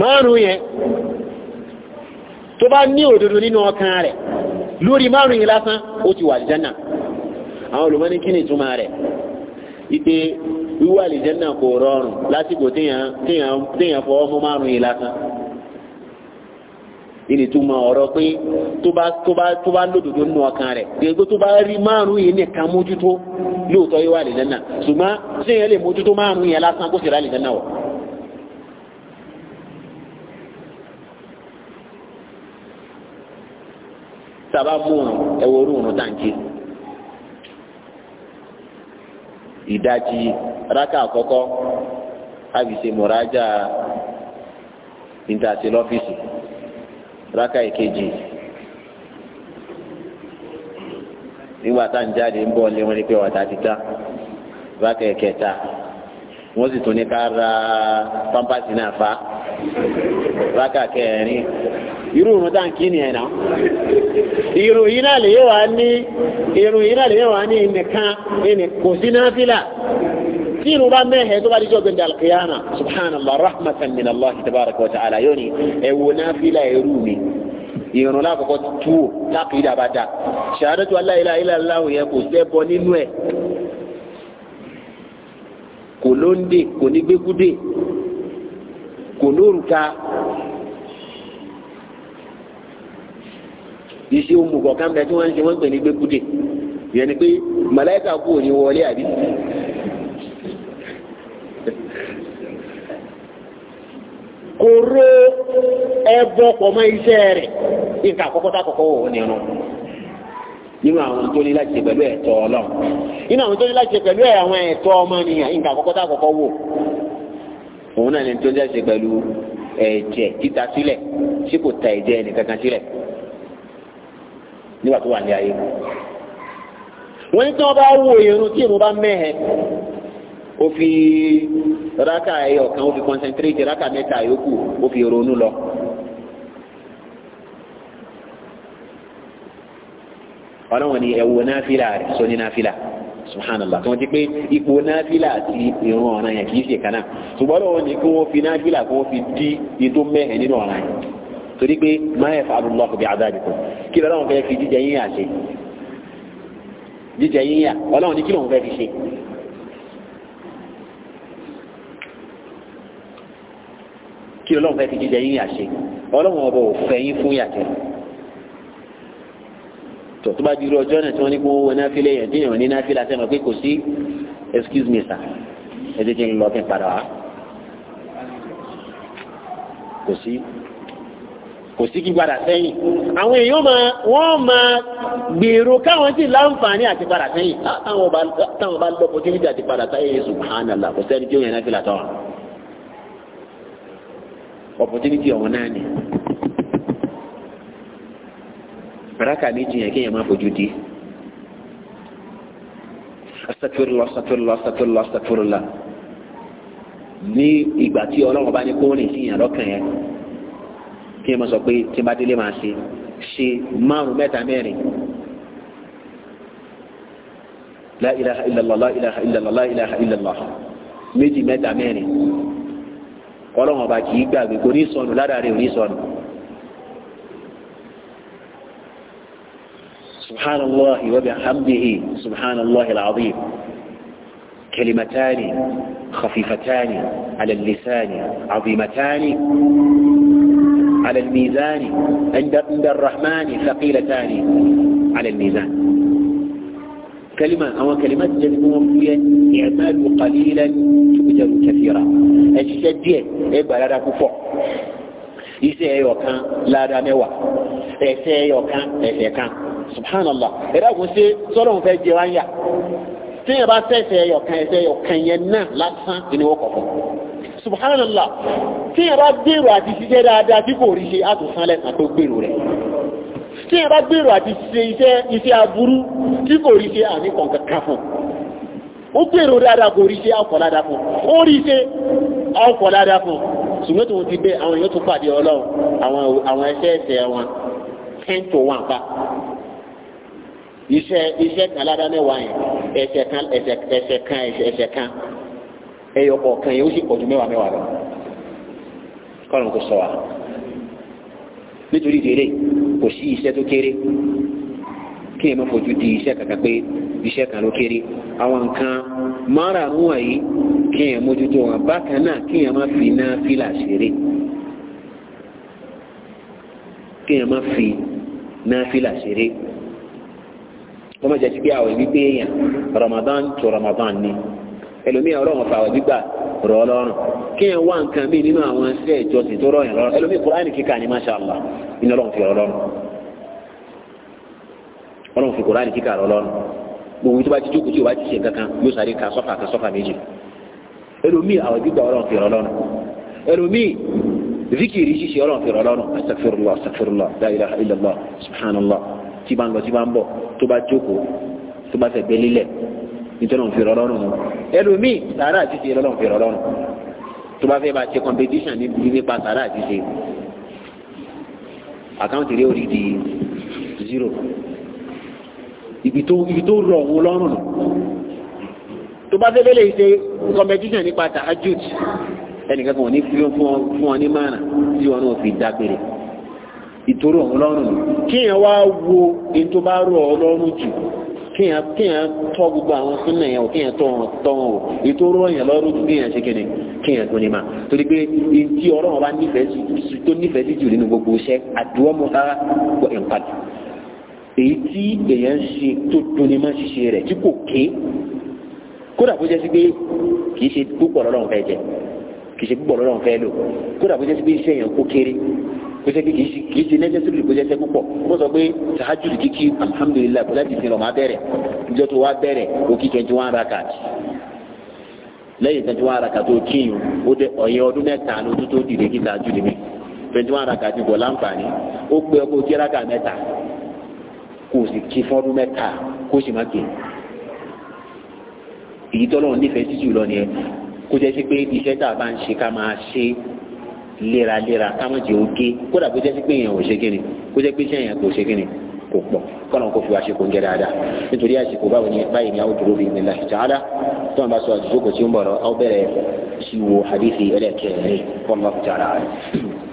S1: márùn yẹn tó bá ní òdodo nínú ọkàn rẹ̀ lórí márùn yìí lásán ó ti wà àlìjánà àwọn olùmọ́ kí ni ìtumọ̀ rẹ̀ ìpè wíwà àlìjánà kò rọrùn lásìkò téèyàn fọwọ́ mú márùn yìí lásán ìní tó máa ọ̀rọ̀ pé tó bá tó bá tó bá lódodo nínú ọkàn rẹ̀ gbogbo tó bá rí márùn-ún yìí nìkan mójútó lóòótọ́ yìí wà lè lẹ́nà ṣùgbọ́n ṣé lè mójútó márùn-ún yẹn lásán kó sì rà lè wọ̀. tàbá gbóòrùn ẹwọ orúurùn tàǹkì ìdajì rákà àkọ́kọ́ àbíṣe mọ̀rájà ìdásí lọ́fíìsì rákà ìkejì nígbà tá ń bọ̀ lé wọn ní pé wàtá ti ta rákà wọ́n sì tún ní ká ra pampasi náà fa irú irun tá à ń kí ni ẹ̀nà irun yìí náà lè yẹ wá ní irun yìí náà lè yẹ wá ní ẹnìkan ẹnì kò sí náà fílà tí irun bá mẹ́hẹ̀ tó bá di jọ́ gbẹ̀ndẹ̀ alkiyama subhanallah rahmatan min allah tabaraka wa ta'ala yóò ní ẹ̀wò náà fílà ẹ̀rú mi irun lákòókò tú láàkì ìdàbàdà ṣàdọ́tù aláìlá ìlàláwò yẹn kò sẹ́bọ nínú ẹ̀ kò lóńdè kò ní gbẹ́kúdè kò lórúka iṣẹ́ òmùgọ̀ kan bẹ tí wọ́n ń ṣe wọ́n pè ní gbẹ́kúdè yẹn ni pé màláìka kú ò ní wọlé àbí. kò ró ẹbọ pọ̀ mọ́ iṣẹ́ rẹ̀ nǹkan àkọ́kọ́ tá àkọ́kọ́ wò ní irun nínú àwọn tó ní láti ṣe pẹ̀lú ẹ̀tọ́ ọlọ́run nínú àwọn tó ní láti ṣe pẹ̀lú àwọn ẹ̀tọ́ ọmọnìyàn nǹkan àkọ́kọ́ tá àkọ́kọ́ wò òun náà ni tó ní láti ṣe pẹ̀lú ẹ̀jẹ̀ títa sílẹ̀ tí ta ẹ̀jẹ̀ ẹnìkankan sílẹ̀ nígbà tó wà ní ayé wọ́n ní tí wọ́n bá wo irun tí irun bá mẹ́hẹ̀ ó fi rákà ẹyọ kan ó fi concentrate rákà mẹ́ta yòókù ó fi ronú lọ. ọlọ́wọ́n ni ẹ̀wọ̀ náfìlà rẹ̀ sọ ní náfìlà subhanallah tí wọ́n ti pé ipò náfìlà àti ìrun ọ̀ràn yẹn kì í ṣe kan ṣùgbọ́n lọ́wọ́ ni kí wọ́n fi náfìlà kí wọ́n fi dí ètò mẹ́hẹ̀ nínú ọ̀ràn yẹn torí pé máa yẹ fàánù lọ kò bí àdáàbì kan kí lọ́wọ́ fẹ́ fi jíjẹ yín àṣẹ jíjẹ yín yà ọlọ́run ní kí lòun fẹ́ fi ṣe. kí ọlọ́run fẹ́ fi jíjẹ yín yà ṣe ọlọ́run ọ̀bọ̀ fẹ́ yín fún yàtẹ̀ tó tó bá di irú ọjọ́ náà tí wọ́n ní kó wọ́n náà fi lẹ́yìn tí ní náà fi láti ẹ̀mọ́ pé kò sí excuse me sir ẹ jẹ́ padà wá kò sí. kò sí kí padà sẹ́yìn àwọn èèyàn máa wọ́n ma gbèrò káwọn sì láǹfààní àti padà sẹ́yìn ah, táwọn bá lọ́pọ̀ tí níbi àti padà sẹ́yìn subhanallah kò sẹ́ni tí ó yẹn náà fi làtọ́ wọn opportunity ọ̀wọ́n náà ni raka méjì yẹn kéèyàn máa fojú di astagfirullah astagfirullah astagfirullah astagfirullah ní ìgbà kí ẹ mọ sọ pé tí bá délé máa ṣe ṣe márùn mẹ́ta mẹ́rin la ilaha illallah la ilaha illallah la ilaha illallah méjì mẹ́ta mẹ́rin ọlọ́run bá kì í gbàgbé kò ní sọnù ládàrí ò ní sọnù. سبحان الله وبحمده سبحان الله العظيم كلمتان خفيفتان على اللسان عظيمتان على الميزان عند عند الرحمن ثقيلتان على الميزان كلمة أو كلمة جذبوا فيها اعمال قليلا تؤجروا كثيرا الشجية إبا لا راكو فوق أيوة كان لا راميوة يسي أيوة كان يسي كان سبحان الله إراغو إيه سي صلوا في الجوانية سي أيوة كان يسي أيوة كان ينا لا تسان إنه وقفوا subhanallah tí ẹ bá gbèrò àti ṣiṣẹ́ dáadáa tí kò rí ṣe àtòsán lẹ́sàn tó gbèrò rẹ̀ tí ẹ bá gbèrò àti ṣe iṣẹ́ aburú tí kò rí ṣe àní kọ̀ǹkankan fún ó gbèrò dáadáa kò rí ṣe àkọ̀ládá fún ó rí ṣe àkọ̀ládá fún ṣùgbọ́n tó ti bẹ́ àwọn èèyàn tó pàdé ọlọ́run àwọn ẹ̀ṣẹ̀ ẹ̀ṣẹ̀ wọn ten to one pa iṣẹ́ iṣẹ́ kan ládá mẹ́wàá yẹn ẹ̀ṣẹ̀ kan ẹ̀ṣẹ̀ kan ẹ̀ṣẹ̀ kan ẹyọ kọ̀ọ̀kan yẹn ó sì pọ̀jù mẹ́wàá mẹ́wàá lọ kọ́lùn kò sọ wa nítorí ìdílé kò sí iṣẹ́ tó kéré kí èèmọ̀ fojú di iṣẹ́ kankan pé iṣẹ́ kan ló kéré àwọn nǹkan márààrún wọ̀nyí kí èèyàn mójútó wọn bákan náà kí èèyàn má fi náà fílà ṣeré kí èèyàn má fi náà fílà ṣeré wọ́n má jẹ́ sí pé àwọn ìbí pé èèyàn Ramadan tó Ramadan ni ẹlòmíì ọ̀rọ̀ wọn fàwọ̀ gbígbà rọ̀ ọlọ́run kéèyàn wá nǹkan bíi nínú àwọn iṣẹ́ ìjọsìn tó rọyìn lọ́rùn ẹlòmíì kúránì kíkà ní masha allah iná ọlọ́run fi rọ̀ ọlọ́run ọlọ́run fi kúránì kíkà rọ̀ ọlọ́run gbogbo tó bá ti jókòó tí o bá ti ṣe kankan yóò sáré ka sọ́fà kan sọ́fà méjì ẹlòmíì àwọ̀ gbígbà ọlọ́run fi rọ̀ ọlọ́run ẹlòmíì illallah subhanallah tí bá ń lọ tí bá ń bọ̀ nítorí òun fi rọrọ nù ẹlòmíì sàrà àti ṣe fi rọrọ tó bá fẹ́ bá ṣe competition níbi nípa sàrà àti ṣe àkáǹtì rẹ ò rí di zero ibi tó ibi tó rọ òun lọ́rùn tó bá fẹ́ bẹ́lẹ̀ ṣe competition nípa tahajjud ẹnìkan kan ò ní fi fún ọ ní márùn tí wọn náà fi dágbére ìtòrò òun lọ́rùn nù kíyàn wá wo ètò bá rọ ọ lọ́rùn jù kéèyàn kéèyàn tọ́ gbogbo àwọn súnmọ̀ yẹn o kéèyàn tọ́ wọn tọ́ wọn o ètò ọ̀rọ̀ yẹn lọ́rùn ju kéèyàn ṣe kéde kéèyàn tó ní ma torí pé ntí ọ̀rọ̀ wọn bá nífẹ̀ẹ́ tó nífẹ̀ẹ́ sí jù nínú gbogbo iṣẹ́ àdúrà mọ́ ká gbọ́ ìpàdé èyí tí èèyàn ń ṣe tó dunni má ṣiṣẹ́ rẹ̀ tí kò ké kódà bó jẹ́ sí pé kìí ṣe púpọ̀ lọ́rọ̀ fẹ́ jẹ kìí ṣe púpọ̀ lọ́rọ̀ fẹ́ lò kódà bó jẹ́ sí pé iṣẹ́ yẹn kó kéré kó jẹ́ pé kì í ṣe nẹ́jẹ́sìrì kó jẹ́ sẹ́ púpọ̀ kó sọ pé tahajjud kíkí alhamdulillah kó láti sin ọmọ abẹ́rẹ́ ìjọ tó wá bẹ̀rẹ̀ ó kí twenty one rakat lẹ́yìn twenty one rakat tó kíyùn ó dé ọ̀yẹ́ ọdún mẹ́ta lójú tó dìde kí tahajjud mi twenty one rakat ti bọ̀ láǹfààní ó pé ọkọ̀ kí raka mẹ́ta kò sì kí fọ́dún mẹ́ta kó sì má kí èyí tọ́lọ́ nífẹ̀ẹ́ sí jùlọ nìyẹn kó jẹ́ sí pé iṣẹ́ tá a bá ń ṣe ká máa ṣe léraléra káwọn jẹ oge kódà kó jẹ́ sí pé èèyàn ò ṣe kíni kó jẹ́ pé iṣẹ́ èèyàn kò ṣe kíni kò pọ̀ kọ́nà kó fi wá ṣekò ń gẹ dáadáa nítorí àsìkò báwo ni báyìí ni a ó dúró láti tààdá tó wọn bá sọ àdúgbò tí ń bọ̀ lọ a bẹ̀rẹ̀ ìṣirò àdéhìí ẹlẹ́kẹ̀ẹ́rẹ́
S2: kọ́nà kó rẹ̀.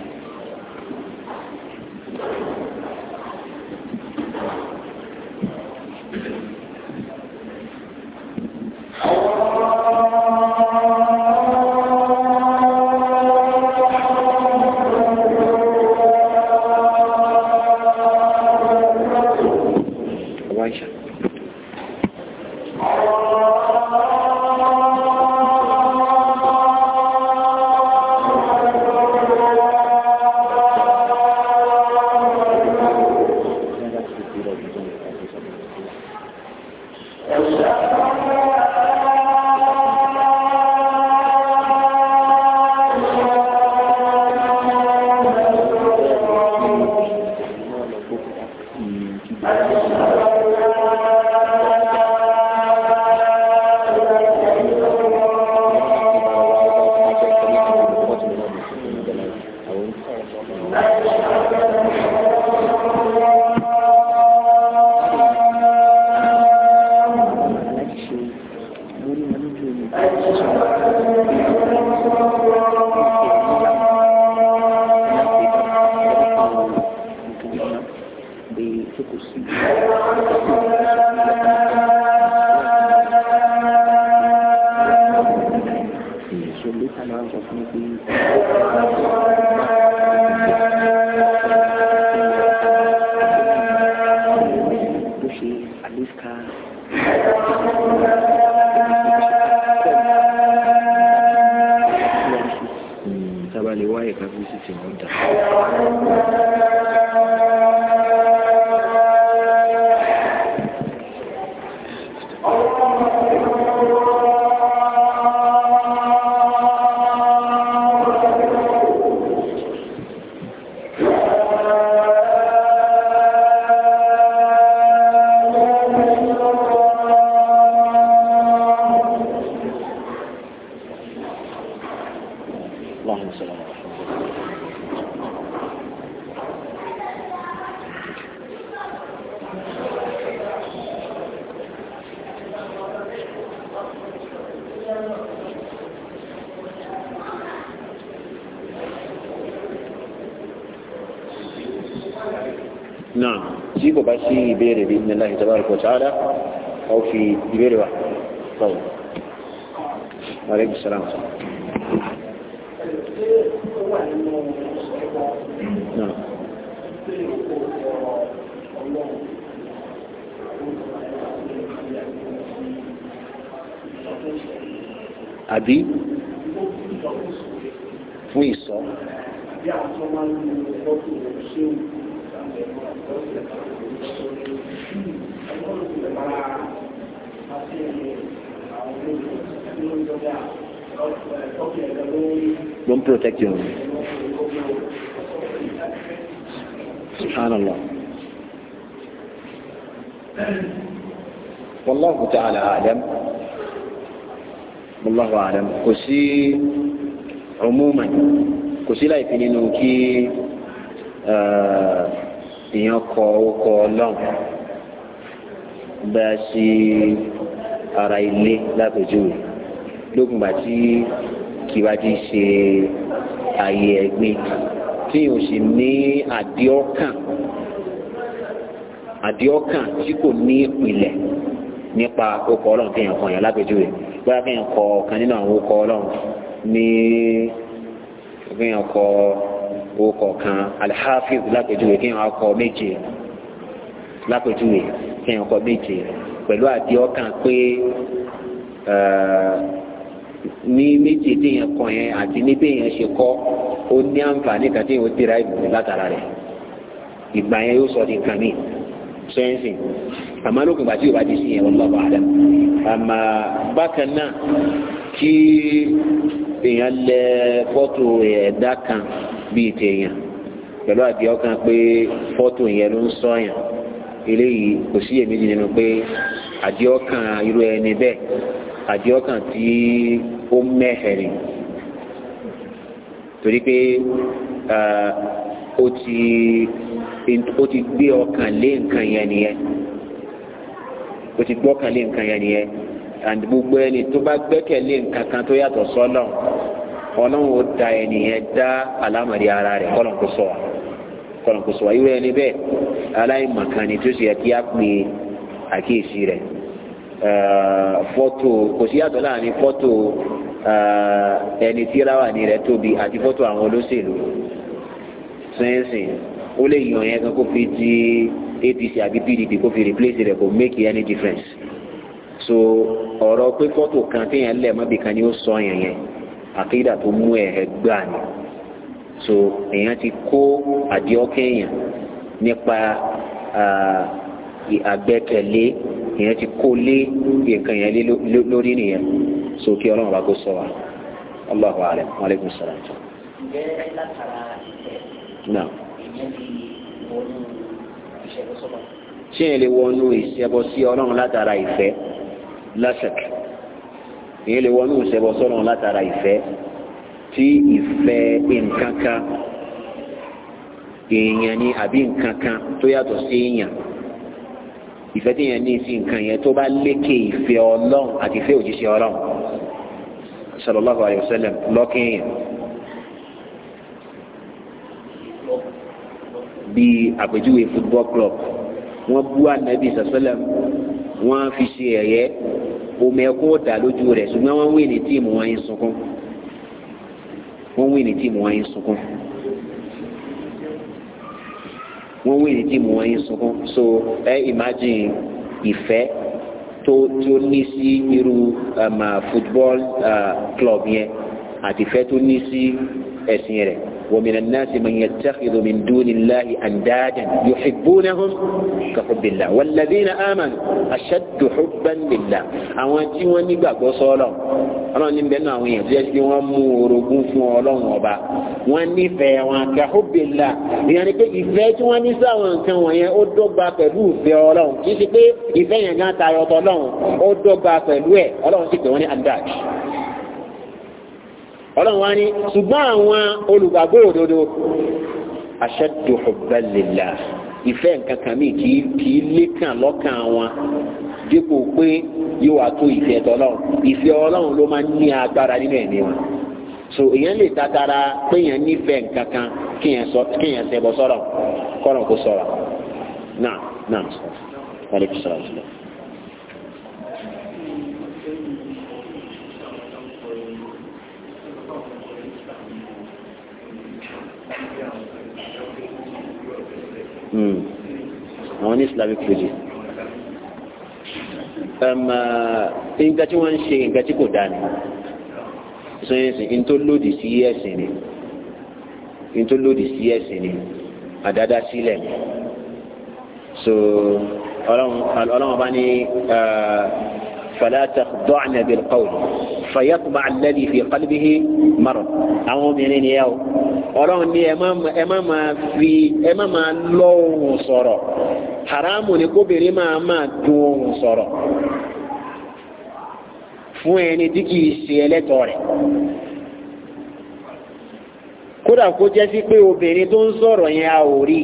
S1: الله تبارك وتعالى أو في جبير واحد طيب وعليكم السلام
S2: نعم àbí fún ìsọ. Don't
S1: protect your own. Subhanallah. Wallahu ta'ala alam. Wallahu alam. Kò sí umuman. Kò sí láì fi nínú kí eh, bá sí ara ilé lápèjúwe lókun gbà tí kì bá ti ṣe ààyè ẹ̀gbin tí o sì ní àdíọ́kàn àdíọ́kàn tí kò ní ìpìlẹ̀ nípa okọ̀ ọlọ́run kéèyàn kan yẹn lápèjúwe bóyá kéèyàn kọ ọ̀kan nínú àwọn okọ̀ ọlọ́run ní kéèyàn kọ okọ̀ kan alhafiz lápèjúwe kéèyàn kọ méje lápèjúwe kéèyàn kọ méje pẹ̀lú àti ọkàn pé ní méje téèyàn kọ yẹn àti ní téèyàn ṣe kọ ó ní àǹfààní kan téèyàn ó tẹ̀ra ìbùkún látara rẹ̀ ìgbà yẹn yóò sọ di nǹkan mi sẹ́yìnsì àmọ́ lókun gbàtí yóò bá di sí yẹn wọ́n lọ́wọ́ àdá àmọ́ bákan náà kí èèyàn lẹ fọ́tò ẹ̀dá kan bíi tèèyàn pẹ̀lú àdìọ́ kan pé fọ́tò yẹn ló ń sọ yàn eléyìí kò sí èméjì nínú pé àdìọ́kàn irú ẹni bẹ́ẹ̀ àdìọ́kàn tí ó mẹ́hẹ̀rì torí pé ó ti ó ti gbé ọkàn lé nǹkan yẹn nìyẹn ó ti gbọ́kàn lé nǹkan yẹn nìyẹn and gbogbo ẹni tó bá gbẹ́kẹ̀lé nǹkan kan tó yàtọ̀ sọ́lọ́n ọlọ́run ó da ẹnìyẹn dá àlámọ̀rí ara rẹ̀ kọ́lọ́n kó sọ kọ́nà kò sọ irú ẹni bẹ́ẹ̀ aláìmọ̀kan ni tó sì yẹ kí á pe àkíyèsí rẹ̀ fọ́tò kò sí yàtọ̀ láàrin fọ́tò ẹni tí láwàní rẹ̀ tóbi àti fọ́tò àwọn olóṣèlú sẹ́yìnsìn ó lè yàn yẹn kan kó fi di APC àbí PDP kó fi replace rẹ̀ kò make any difference so ọ̀rọ̀ pé fọ́tò kan téèyàn lẹ̀ mọ́bìkan ni ó sọ yẹn yẹn àkídà tó mú ẹ̀ ẹ̀ gbà ni so èèyàn ti kó àdìọ́kẹ́ èèyàn nípa àgbẹ́kẹ̀lé èèyàn ti kó lé nǹkan yẹn lórí nìyẹn so kí ọlọ́run bá kó sọ wa Allahu alam wa alaikum salaam.
S2: ǹjẹ́ látara ìfẹ́ èèyàn ti wọnú ìṣẹ̀lẹ̀ sọ́ba.
S1: ṣé èèyàn lè wọnú ìṣẹbọ sí ọlọ́run látara ìfẹ́ lásìkò èèyàn lè wọnú ìṣẹbọ sọ́lọ́run látara ìfẹ́ tí ìfẹ́ nǹkankan èèyàn ni àbí nǹkankan tó yàtọ̀ sí èèyàn ìfẹ́ tí èèyàn ní sí nǹkan yẹn tó bá lékè ìfẹ́ ọlọ́run àti ìfẹ́ òjíṣẹ́ ọlọ́run sallallahu alayhi wa sallam lọ́kàn àpèjúwe football club wọ́n bú ànábì sàṣẹlẹm wọ́n fi ṣe ẹ̀yẹ omi ẹkún ó dà lójú rẹ̀ ṣùgbọ́n wọ́n wí ní tíìmù wọn yín sunkún wọ́n wí ní tíìmù wọn yín sunkún wọ́n wí ní tíìmù wọn yín sunkún so ẹ imagine ìfẹ́ tó tó ní sí irú um, uh, football uh, club yẹn àti ìfẹ́ tó ní sí ẹ̀sìn rẹ̀. ومن الناس من يتخذ من دون الله أندادا يحبونهم كحب الله والذين آمنوا أشد حبا لله àwọn tí wọ́n nígbàgbọ́ sọ́lọ̀ ọlọ́run ní bẹ́ẹ̀ náà àwọn èèyàn tí wọ́n wọ́n mú orogún fún ọlọ́run ọba wọ́n nífẹ̀ẹ́ wọn kàhóbìlà ìyẹn ni pé ìfẹ́ tí wọ́n ní sáwọn nǹkan wọ̀nyẹn ó dọ́gba pẹ̀lú ìfẹ́ ọlọ́run kì í ṣe pé ìfẹ́ yẹn gan tayọ tọ́lọ́run ó dọ́gba pẹ̀lú ẹ̀ ọlọ́run sì pé wọ́n ní adáàkì ọlọ́run wá ní ṣùgbọ́n àwọn olùgbàgbọ́ òdodo ashaddu hubban lillah ìfẹ́ nǹkan kan mi kì í kì í lékàn lọ́kàn wọn dípò pé yóò wá tó ìfẹ́ tọ́lọ́run ìfẹ́ ọlọ́run ló máa ń ní agbára nínú ẹ̀mí wọn so èèyàn lè tatara pé èèyàn nífẹ̀ẹ́ nǹkan kan kéèyàn ṣẹbọ sọ̀rọ̀ kọ́nà kó sọ̀rọ̀ náà náà wàlẹ́kùsọ̀rọ̀ sílẹ̀.
S2: Hmm. àwọn ní islamic relief
S1: uh, nǹkan tí wọ́n ń ṣe nǹkan tí kò dáa ni sọ́yẹ́sì ní tó lòdì sí ẹ̀sìn ni ní tó lòdì sí ẹ̀sìn ni àdáda sílẹ̀ so ọlọ́run ọba ní. Uh, فلا تخضعن بالقول فيطبع الذي في قلبه مرض àwọn obìnrin nìyẹn o ọlọ́run ní ẹ má máa fi ẹ má máa lọ ohùn sọ̀rọ̀ haramu ni kóbìnrin máa máa dun ohùn sọ̀rọ̀ fún ẹni tí kìí ṣe ẹlẹ́tọ̀ rẹ̀ kódà kó jẹ́ sí pé obìnrin tó ń sọ̀rọ̀ yẹn a ò rí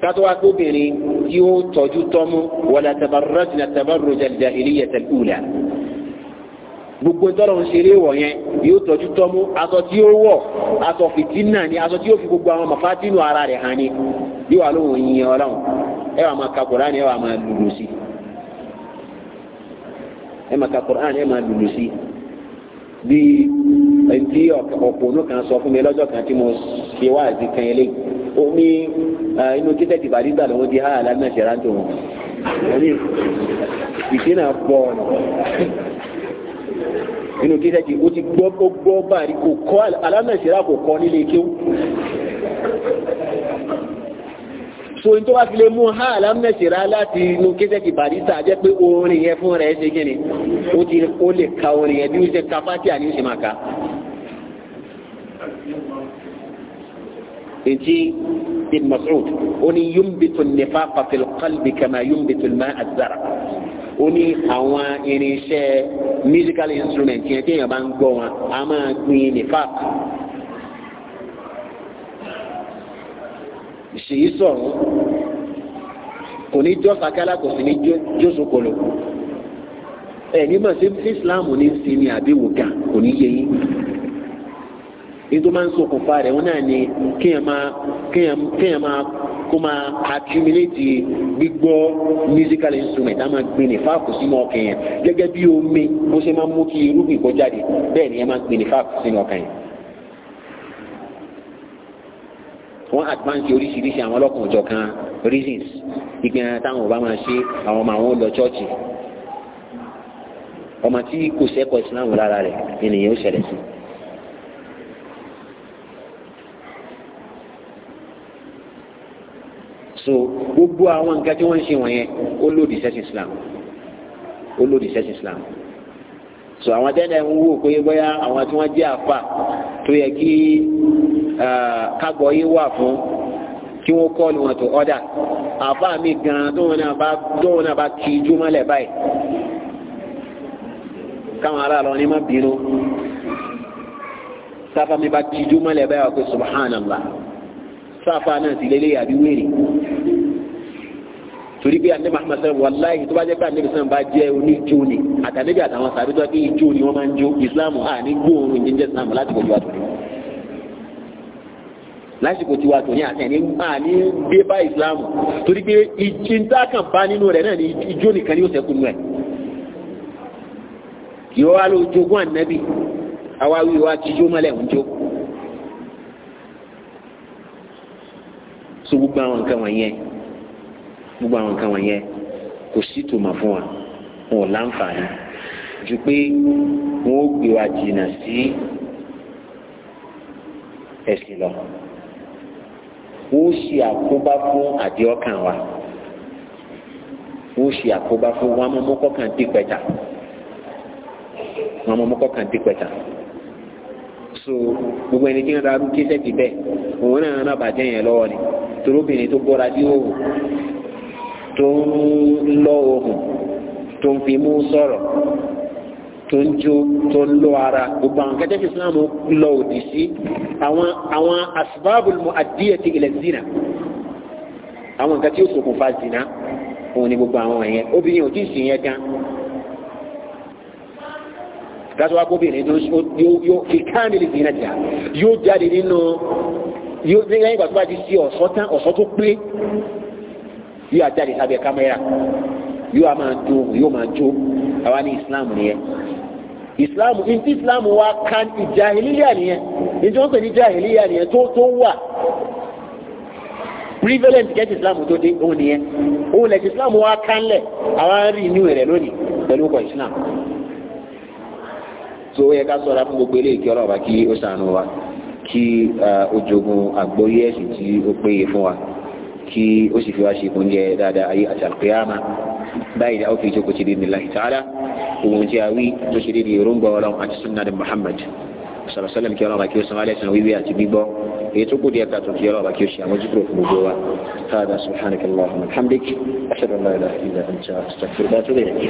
S1: kátó wá kóbìnrin tí ó tọ́jú tọ́mú wala tabarrajna tabarruj al-jahiliyyah al-ula gbogbo tọ́lọ̀ ń ṣeré wọ̀ yẹn yóò tọ́jú tọ́mú aṣọ tí ó wọ̀ aṣọ fìtínà ni aṣọ tí ó fi gbogbo àwọn màfátínù ara rẹ̀ hàn ni yóò wà lóhùn yìnyín ọlọ́run ẹ wà máa ka Kùránì ẹ wà máa lùlù sí ẹ máa ka Kùránì ẹ máa lùlù sí bí ẹni tí ọ̀pọ̀ ònú kan sọ fún mi lọ́jọ́ kan tí mo ṣe wáàzì kan eléyìí omi inú títẹ̀ tìbàdìgbà lọ́wọ́ di ha àlámì àṣẹrà tó wọn ìdínà pọ̀ ọ̀nà inú títẹ̀ tí ó ti gbọ́ gbọ́ báyìí kò kọ́ àlámì kò kọ́ nílé kéwù so n tó bá fi lè mú ha alámẹ́sìrá láti inú kéṣẹ́kì barista jẹ́ pé orin yẹn fún rẹ̀ ṣe gíní ó ti ó lè ka orin yẹn bí ó ṣe ka fátíà ní máa ka inji bin mas'ud ó ní yumbitu nifaqa fil qalbi kama yumbitu al-ma'a az-zara ó ní àwọn irinṣẹ́ musical instrument yẹn tí èèyàn bá ń gbọ́ wọn a máa gbin nifaq ṣèyí sọ̀rọ̀ kò ní jọ́ sakala kò sì ní jósokolo ẹ̀ nígbà tí Islam ní sinmi àbí wògà kò ní yẹ yín ètò máa ń ṣokùnfà rẹ̀ wọn náà ni kéèyàn máa kéèyàn kéèyàn máa kó máa accumulate gbígbọ́ musical instrument á máa gbin ní fáàkù sínú ọkàn yẹn gẹ́gẹ́ bí omi bó ṣe máa mú kí irúgbìn kó jáde bẹ́ẹ̀ ni ẹ máa gbin ní fáàkù sínú ọkàn yẹn. wọ́n advance oríṣiríṣi àwọn ọlọ́kùn ọ̀jọ̀ kan reasons ìgbìyànjú táwọn ọba máa ṣe àwọn ọmọ àwọn lọ chọ́ọ̀chì ọmọ tí kò sẹ́kọ̀ọ́ ìsìláàmù lára rẹ̀ ènìyàn ó ṣẹlẹ̀ sí i. so gbogbo àwọn nǹkan tí wọ́n ń ṣe wọ̀nyẹn ó lòdì sẹ́sìn Islam ó lòdì sẹ́sìn Islam so àwọn tẹ́lẹ̀ ń wò pé bóyá àwọn tí wọ́n jẹ́ àfà tó yẹ kí kágbọ́ yín wà fún kí wọ́n kọ́ ni wọ́n tó ọ̀dà àfà mi gan-an tó wọn náà bá kí ijó mọ́lẹ̀ báyìí káwọn ará lọ ní bínú sáfà mi bá kí ijó mọ́lẹ̀ báyìí wà pé subhanallah sáfà náà sì lélẹ́yà àbí wèrè torí pé anabi ahmed sọ wàláyé tó bá jẹ́ pé anabi sọ bá jẹ́ oníjó ni àtàlẹ́bí àtàwọn sàbí tó bá pé ijó ni wọ́n máa ń jó ìsìláàmù à ní gbóòórùn ìjẹ́jẹ́ ìsìláàmù láti kọjú wa tòní. lásìkò tí wa tòní àti ẹni à ní dé bá ìsìláàmù torí pé ìjìntà kan bá nínú rẹ̀ náà ni ijó nìkan ni ó sẹ́kù nù ẹ̀. ìwọ́n wa ló jogún ànábì àwa wíwá tíjó mọ́lẹ̀ ń jó. gbogbo àwọn nǹkan wọ̀nyẹn gbogbo àwọn nǹkan wọ̀nyẹn kò sí tòmọ̀ fún wa wọn ò láǹfààní ju pé wọn ó gbé wa jìnnà sí ẹ̀sìn lọ wọn ó ṣe àkóbá fún àdéhọ́kàn wa wọn ó ṣe àkóbá fún wọn amọ́ mọ́kọ́kàn dé pẹ̀tà wọn amọ́ mọ́kọ́kàn dé pẹ̀tà so gbogbo ẹni tí wọn dá arúgbó kí sẹ́ẹ̀tì bẹ́ẹ̀ òun náà náà yẹn lọ́wọ́ ni torobìnrin tó gbọ́ra dí òhùn tó ń lọ òhùn tó ń fi mú sọ̀rọ̀ tó ń jó tó ń lọ ara gbogbo àwọn kẹtẹ́ fi Islam lọ òdì sí àwọn àwọn asbábùl mu'addiyati ila zina àwọn nǹkan tí ó ṣokùnfà zina òun ni gbogbo àwọn yẹn obìnrin ò tí ì sìn yẹn gan gàtọ́ wa kó obìnrin yóò fi káàmìlì zina jà yóò jáde nínú yóò lẹ́yìn ìgbà tó bá ti ṣe ọ̀sán tán ọ̀sán tó pé yóò àjáde sábẹ́ kámẹ́rà yóò a máa jó yóò máa jó àwa ní Islam nìyẹn Islam ntí Islam wa kan ìjàhìlíyà nìyẹn ntí wọ́n pè ní ìjàhìlíyà nìyẹn tó tó wà prevalent get Islam tó dé òun nìyẹn òun lẹ́tì Islam wa kan lẹ̀ àwa rí inú rẹ̀ lónìí pẹ̀lú ọkọ̀ Islam So tó yẹ ká sọ̀rọ̀ fún gbogbo eléyìí kí ọlọ́ọ̀bá kí ó sànù wa. kí ojogun àgbọ́yé ẹ̀sìn tí ó péye fún wa kí ó sì fi wá ṣe ìkúnjẹ dáadáa ayé àti àlùkìyàmà báyìí dáa ó fi jókòó ti dé nílá ta'ala ohun tí a wí tó ṣe dé ní èròǹgbà ọlọ́run àti sunna ní Muhammad sallallahu alaihi wasallam kí ọlọ́run bá kí ó sanwó alẹ́sàn wíwí àti gbígbọ́ èyí tó kù díẹ̀ ká tó kí ọlọ́run bá kí ó ṣe ojúkúrò fún gbogbo wa káàdà subhanaka allahumma wa bihamdik ashhadu an la ilaha illa anta astaghfiruka wa atubu ilayk